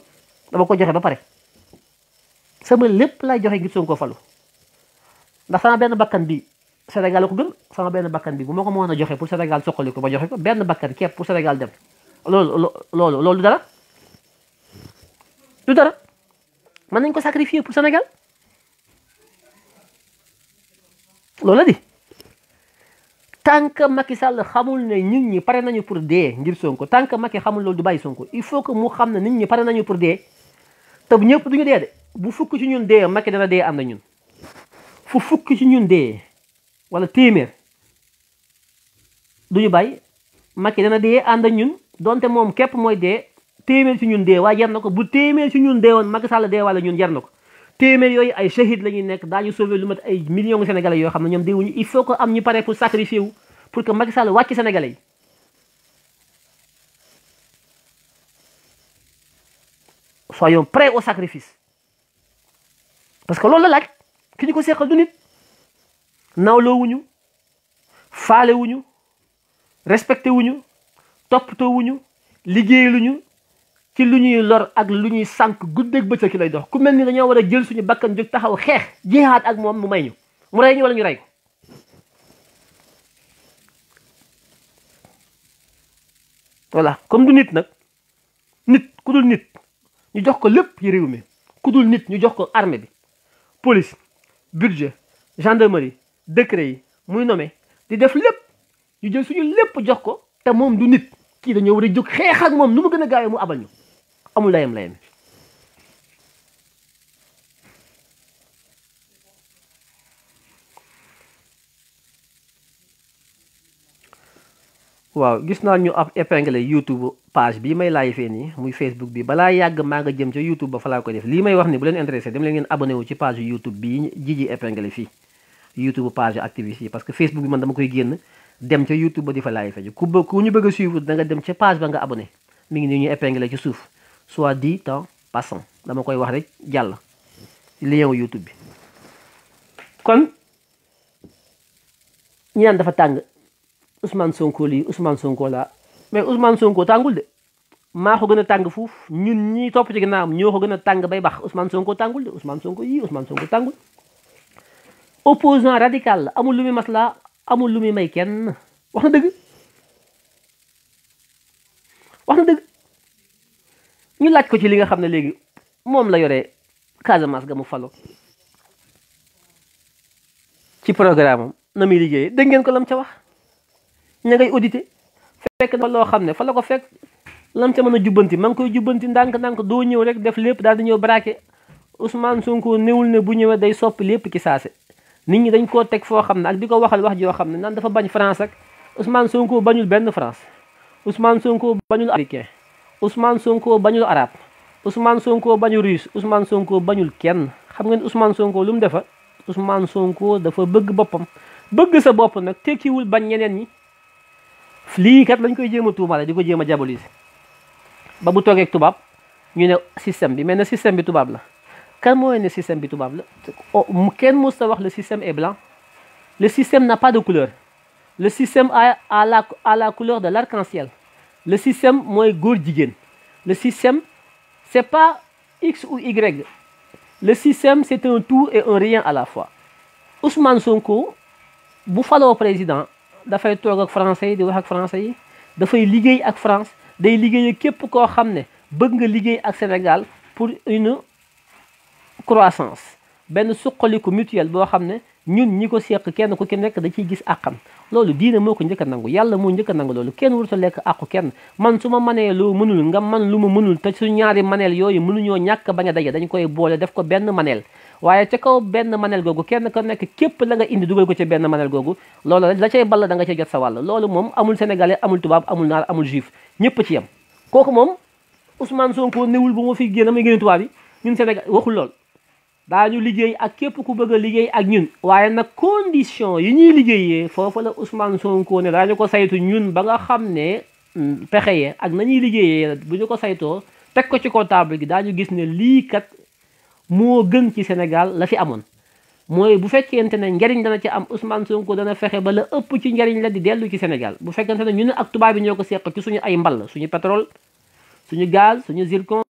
dama ko joxe ba pare sama lépp lay joxe ngir Sonko falu da sama benn bakkan bi Sénégal la gën sama benn bakkan bi bu moo ko mën a joxe pour Sénégal soqali ko ba joxe benn bakkan képp pour Sénégal dem loolu loolu loolu dara ko sacrifier pour loola di tant que Macky Sall xamul ne nit ñi pare nañu pour dee ngir Sonko tant que Macky xamul loolu du bàyyi Sonko il faut que mu xam ne nit ñi pare nañu pour dee te bu du ñu dee de bu fukk ci ñun dee Macky dana dee ànd ñun fu fukk ci ñun dee wala téeméer duñu bàyyi Macky dana dee ànd ñun donte moom képp mooy dee téeméer ci ñun dee waa jar na ko bu téeméer ci ñun dee woon Macky Sall dee wala ñun jar na ko téeméer yooyu ay shahid la ñuy nekk daañu sauver lu mat ay millions sénégalais yoo xam ne ñoom deewuñu il faut que am ñu pare pour sacrifier wu pour que Macky Sall wàcc sénégalais yi soyons prêts au sacrifice parce que loolu la laaj ki ñu ko seqal du nit nawloowuñu faalewuñu respecté wuñu toppatoo wuñu liggéeyaluñu ci lu ñuy lor ak lu ñuy sànq guddeeg bëccëg ci lay dox ku mel ni dañoo war a jël suñu bakkan jóg taxaw xeex jihaad ak moom mu may ñu mu rey ñu wala ñu rey ko voilà comme du nit nag nit ku dul nit ñu jox ko lépp yi réew mi ku dul nit ñu jox ko armée bi police budget gendarmerie décret yi muy nommé di def lépp ñu jël suñu lépp jox ko te moom du nit kii dañoo war a jóg xeex ak moom nu mu gën a gaawee mu abal ñu amul layam layam waaw gis na ñu ab épingler youtube page bi may live ni muy facebook bi bala yag ma nga jëm ci youtube ba fa laa ko def li may wax ni bu len intéressé dem leen ngeen abonné wu ci page youtube bi jiji épingler fi youtube page activiste pas parce que facebook bi man dama koy génn dem ci youtube ba di fa laay fee ku ku ñu bëgg suivre da nga dem ci page ba nga abonné mi ngi ñu épingler ci suuf soit dit en passant dama koy wax rek jàll ci lien YouTube bi kon ñi naan dafa tàng Ousmane Sonko li Ousmane Sonko la mais Ousmane Sonko tàngul de maa ko gën a tàng fuuf ñun ñi topp ci ginnaawam ñoo ko gën a tàng bay bax Ousmane Sonko tàngul de Ousmane Sonko yii Ousmane Sonko tàngul opposant radical la amul lu muy maslaa amul lu muy may kenn wax na dëgg wax na dëgg ñu laaj ko ci li nga xam ne léegi moom la yore Casamance ga mu falo ci programme am na muy liggéey dégg ngeen ko lam ca wax ña ngay audité fekk na loo xam ne fa la ko fekk lam ca mën a jubbanti ma ngi koy jubbanti ndànk-ndànk doo ñëw rek def lépp daal di ñëw braqué Ousmane Sonko newul ne bu ñëwee day soppi lépp ci saase nit ñi dañ koo teg foo xam ne ak di ko waxal wax joo xam ne naan dafa bañ France ak Ousmane Sonko bañul benn France Ousmane Sonko bañul américain Ousmane Sonko bañul arab Ousmane Sonko bañul russe Ousmane Sonko bañul kenn xam ngeen Ousmane Sonko lum defa Ousmane Sonko dafa bëgg boppam bëgg sa bopp nag wul bañ ñeneen ñi lii kat lañ koy jéem a la diko ko jéem ba bu toge ak tubaab ñu ne système bi mais ne système bi tubaab la kan mooy ne système bi tubaab la oh, ken mo sa wax le système est blanc le système n'a pas de couleur le système a à la à la couleur de l'arc-en-ciel le système moins le système c'est pas x ou y le système c'est un tout et un rien à la fois Ousmane Sonko bu président fay un ak français di wax ak français France day liguey képp avec Sénégal pour une croissance ben suqaliku mutuel bo xamne ñun ñiko sekk kenn ku ki nek da ci gis akam lolu diina moko ñëk nangu yàlla mo ñëk nangu lolu kenn wurtu lek akku kenn man suma mané manee mënul nga man lu ma mënul te su ñaari manel yoy mënu ñoo ñak baña daje dañ koy bolé def ko ben manel waye ci kaw ben manel gogu kenn ko nek kep la nga indi duggal ko ci ben manel gogu lolu la cey balla da nga cey jot sa wàll lolu mom amul sénégalais amul tubab amul nar amul juif ñëpp ci yam koku mom Ousmane Sonko neewul bu mo fi gëna may gëna tubab yi ñun Sénégal waxul lolu daañu liggéey ak képp ku bëgg liggéey ak ñun waaye nag condition yi ñuy liggéeyee foofa la Ousmane Sonko ne daañu ko saytu ñun ba nga xam ne mm, pexe ye ak nañuy liggéeyee bu ñu ko saytoo teg ko ci comptable gi daañu gis ne lii kat moo gën ci Sénégal la fi amoon mooy bu fekkente ne njariñ dana ci am Ousmane Sonko dana fexe ba la ëpp ci njariñ la di dellu ci Sénégal bu fekkente ne ñun ak tubaab bi ñoo ko seq ci suñu ay mbal suñu pétrole suñu gaz suñu zircon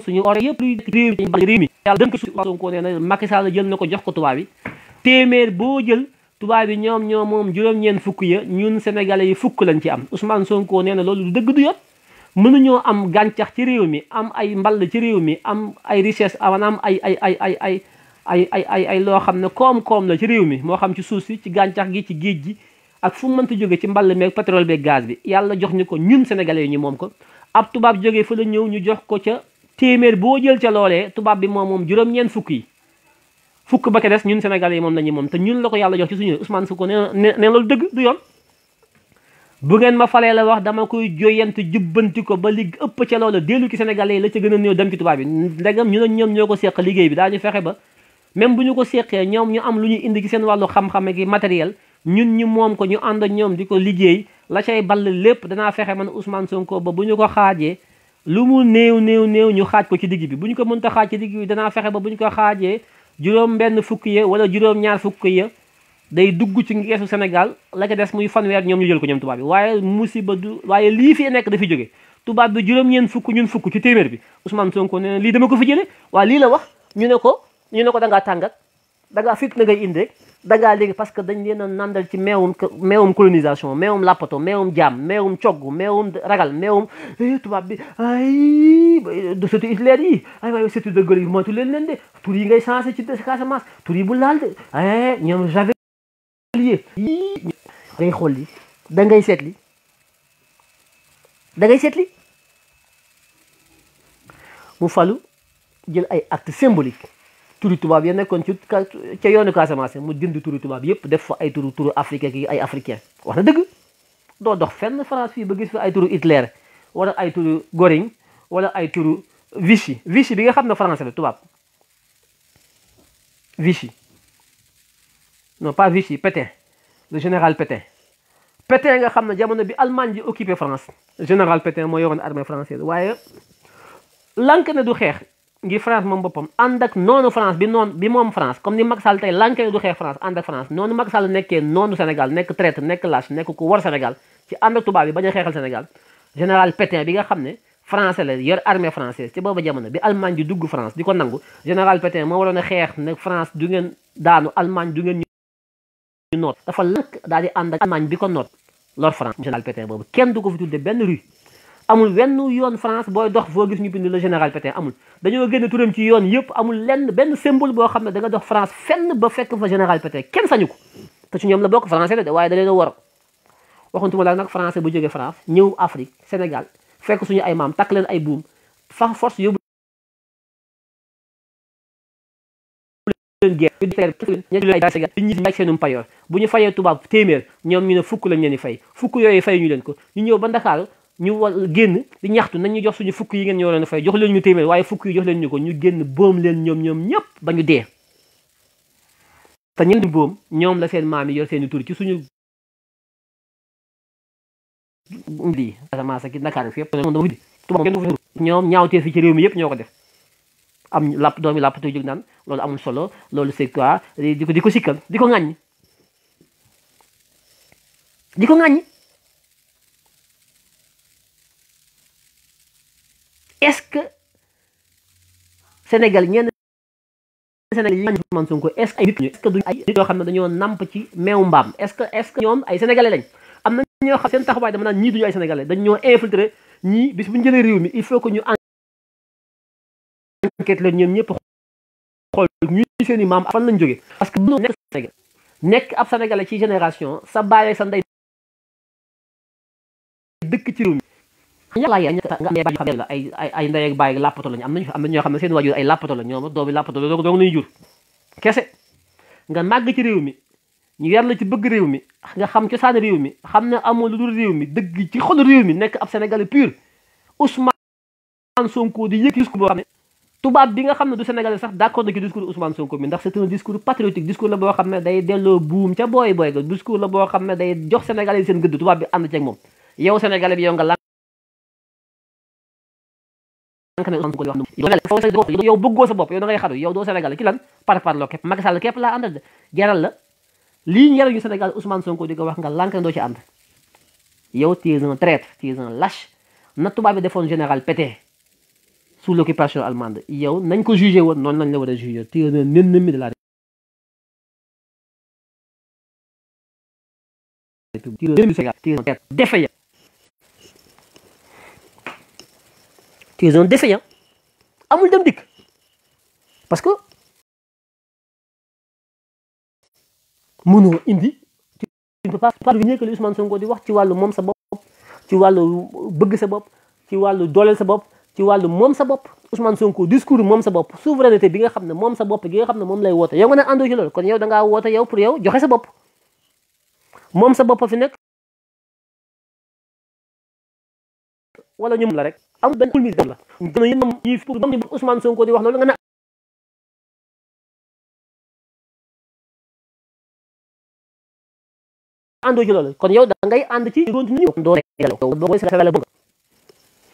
suñu ore yëpp luy réew réew mi yàlla dënk su Sonko nee na Macky ko jox ko tubaab téeméer boo jël tubaab yi ñoom ñoom moom juróom-ñeen fukk ya ñun sénégalais yi fukk lañ ci am Ousmane Sonko nee na loolu du dëgg du yoon mënuñoo am gàncax ci réew mi am ay mball ci réew mi am ay richesse maanaam ay ay ay ay ay ay ay ay ay loo xam ne koom-koom la ci réew mi moo xam ci suuf si ci gàncax gi ci géej gi ak fu mu mënta jóge ci mball meeg pétrole beeg gaz bi yàlla jox ñu ko ñun sénégalais yi ñu moom ko ab tubaab jógee fa la ñëw ñu jox ko ca téeméer boo jël ca loole tubaab bi moom moom juróom-ñeent fukk yi fukk ba ke ñun senegal yi moom la ñu moom te ñun la ko yàlla jox ci suñu Ousmane Sonko nee na loolu dëgg du yoon bu ngeen ma falee la wax dama koy joyant jubbanti ba li ëpp ca loola dellu ci sénégalais yi la ca gën a néew dem ci tubaab bi ndegam ñu ne ñoom ñoo ko seq liggéey bi daañu fexe ba même bu ñu ko seqee ñoom ñu am lu ñu indi ci seen wàllu xam gi matériel ñun ñu moom ko ñu ànd ñoom di ko liggéey la cay ball lépp danaa fexe man Ousmane Sonko ba bu ñu ko xaajee lu mu néew néew néew ñu xaaj ko ci digg bi bu ñu ko mënta xaaj ci digg bi danaa fexe ba bu ñu ko xaajee juróom benn fukk ya wala juróom ñaar fukk ya day dugg ci ngeesu Sénégal la ko des muy fanweer ñoom ñu jël ko ñoom tubaab bi waaye musiba du waaye lii fi nekk dafi jóge tubaab bi juróom-ñeen fukk ñun fukk ci téeméer bi Ousmane Sonko nee na lii dama ko fi jële waaye lii la wax ñu ne ko ñu ne ko da ngaa tàngat da ngaa fit na ngay indeeg dagaa parce que dañ leen a nandal ci meewum meewum colonisation meewum làppato meewum jaam meewum cogg meewum ragal meewum eh, tubaab bi ay de surtout Hitler yi ay waay surtout de Gaulle yi moytu leen leen de yi ngay changé ci Casamance tur yi bu laal de a eh, ñoom Javel yi xool li dangay ngay seet li da ngay seet mu falu jël ay acte symbolique turu tubaab ya nekkoon ci ca yoonu Casamance mu dindi turu tubaab yëpp def fa ay turu turu africain ki ay africain wax na dëgg doo dox fenn France fii ba gis fi ay turu Hitler wala ay turu Göring wala ay turu Vichy Vichy bi nga xam ne français la tubaab Vichy non pas Vichy Pétain le général Pétain Pétain nga xam na jamono bi Allemagne ji occupé France général Pétain moo yoroon armée française waaye lank ne du xeex ngir France moom boppam ànd ak noonu France bi noonu bi moom France comme ni Macky Sall tey lankee du xeex France ànd ak France noonu Macky Sall nekkee noonu Sénégal nekk traître nekk lâche nekk ku war Sénégal ci ànd ak tubaab bi bañ a xeexal Sénégal général Pétain bi nga xam ne français la yor armée française ci booba jamono bi Allemagne di dugg France di ko nangu général Pétain moo waroon a xeex ne France du ngeen daanu Allemagne du ngeen ñu noot dafa lank daal di ànd ak Allemagne bi ko noot lor France général Pétain boobu kenn du ko fi tudde benn rue amul wenn yoon France booy dox foo gis ñu bind la général Pétain amul dañoo génn turam ci yoon yëpp amul lenn benn symbole boo xam ne da dox France fenn ba fekk fa général Pétain kenn sañu ko te ci ñoom la bokk français de waaye da leen a war waxantuma la nag français bu jógee France ñëw Afrique Sénégal fekk suñu ay maam takk leen ay buum fa force yóbbu leen guerre seenum payoor bu ñu fayee tubaab téeméer ñoom ñu ne fukk lañ leen di fay fukk yooyu fay ñu leen ko ñu ñëw ba Ndakaaru ñu wa génn di ñaxtu nañ ñu jox suñu fukk yi ngeen ñoo leen fay jox leen ñu téeméer waaye fukk yi jox leen ñu ko ñu génn boom leen ñoom ñoom ñëpp ba ñu dee te ñenn boom ñoom la seen maam yi yor seeni tur ci suñu lii Casamance ak Ndakaaru fépp tubaab kenn ñoom ñaawtee fi ci réew mi yëpp ñoo ko def am làpp doomi làpp te jóg naan loolu amul solo loolu c'est quoi di ko di ko sikkal di ko ŋàññ di ko ŋàññ est-ce que Sénégal ñenn Sénégal yi Ousmane Sonko est-ce ay nit est-ce que duñu yoo xam ne dañoo namp ci meew mbaam est-ce que ñoom ay sénégalais lañ am na ñoo xam seen taxawaay dama naan ñii duñu ay sénégalais dañu ñoo infiltré ñii bis bu ñu jëlee réew mi il faut que ñu enquête leen ñoom ñëpp xool ñu seen i maam fan lañ jógee parce que bu nekk Sénégal nekk ab sénégalais ci génération sa baay ak sa ndey ci réew yàlla yéen nga xam ne ay ay am na ñoo xam ne seen waajur ay làppato ñoom doomi làppato la doog nañu jur kese ci réew mi ñu yar la ci bëgg réew mi nga xam cosaan réew mi xam ne amoo lu dul réew mi dëgg ci xol réew mi nekk ab sénégalais pur Ousmane Sonko di yëg discours boo xam ne tubaab bi nga xam ne du sénégalais sax d'accord na ci discours Ousmane Sonko bi ndax c'est un discours patriotique la boo xam ne day delloo buum ca booy booy ga la boo xam ne day jox sénégalais seen gëdd tubaab bi ànd ceeg moom yow sénégalais bi yow nga incarné Ousmane Sonko di wax dëgg foo sa gox yow bëggoo sa bopp yow da ngay xaru yow doo Sénégal ci lan par parloo képp Macky Sall képp laa àndal de jaral la lii njëriñu Sénégal Ousmane Sonko di ko wax nga lànk ne doo ci ànd yow tu es un traître na tubaab bi général Pétain sous l'occupation allemande yow nañ ko jugé woon noonu lañ la war a jugé tu es un ennemi la République qui ont défaillant amul parce que mënoo indi tu ne peux pas parvenir que l'Ousmane Ousmane Sonko di wax ci walu mom sa tu ci walu bëgg sa tu ci walu dolel sa tu ci walu mom sa Ousmane Sonko discours mom sa souveraineté bi nga mom sa le gi nga mom lay yow nga ne ci kon yow da yow pour yow joxe sa bop mom sa bop fi wala ñoom la rek am benn ulmi la gën a nga ne àndoo ci kon yow da ngay ànd ci continue ñu doo boo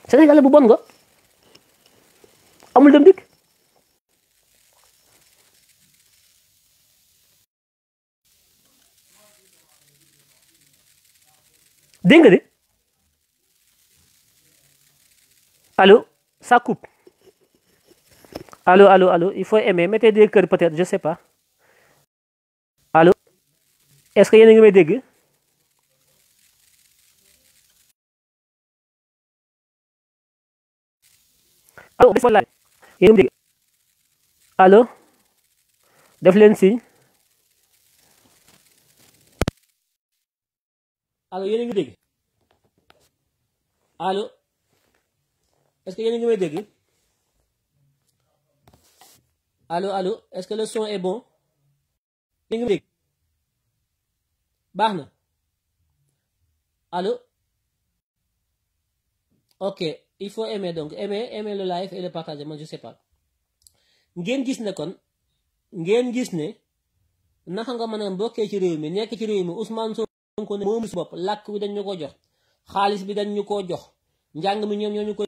Sénégal bu nga bu bon nga amul dem dikk dégg nga Allô Ça coupe. Allô, allô, allô. Il faut aimer. Mettez des cœurs peut-être, je ne sais pas. Allô Est-ce que y a des dégâts Allô, là? Yéen Allô. allo def leen allo y a une allo est-ce que y a ngi may dégg Allô, allô. est-ce que le son est bon yéen a ngi Allô. ok il faut aimer donc aimer aimer le live et le partager Moi je sais pas ngeen gis ne kon ngeen gis ne naka nga mën a ci réew mi ci réew Ousmane Sonko ne moom bop. bopp làkk bi dañ ñu ko jox xaalis bi dañ ñu ko jox njàng mi ñoom ñoo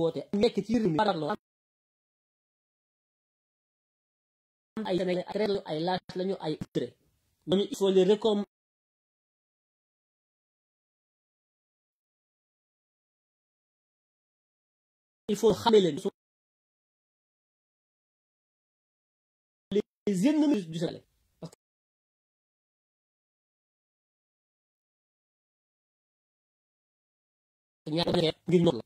woote nekk ci réew mi waraloo am ay laaj lañu ay outré ñooñu il faut les il faut xame leen les ennemis ñaar ngir noonu la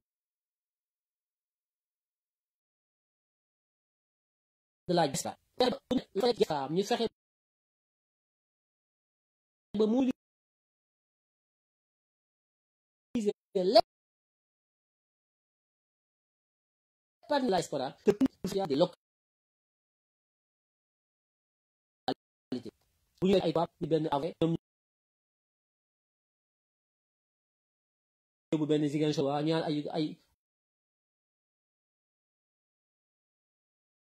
de la diaspora ñu fexe ba mobiliser lépp par la diaspora que des localités bu ñu ay tubaab ni benn avril ñoom yóbbu benn Ziguinchor waa ñaan ay ay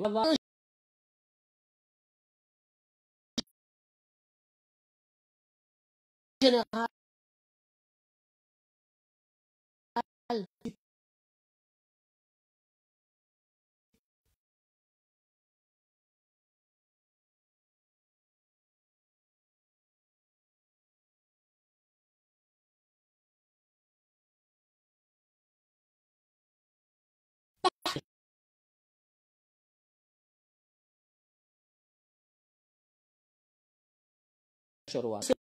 Love general شروان صفر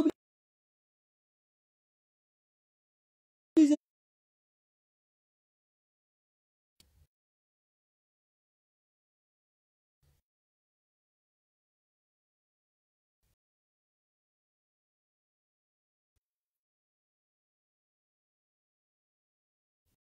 صفر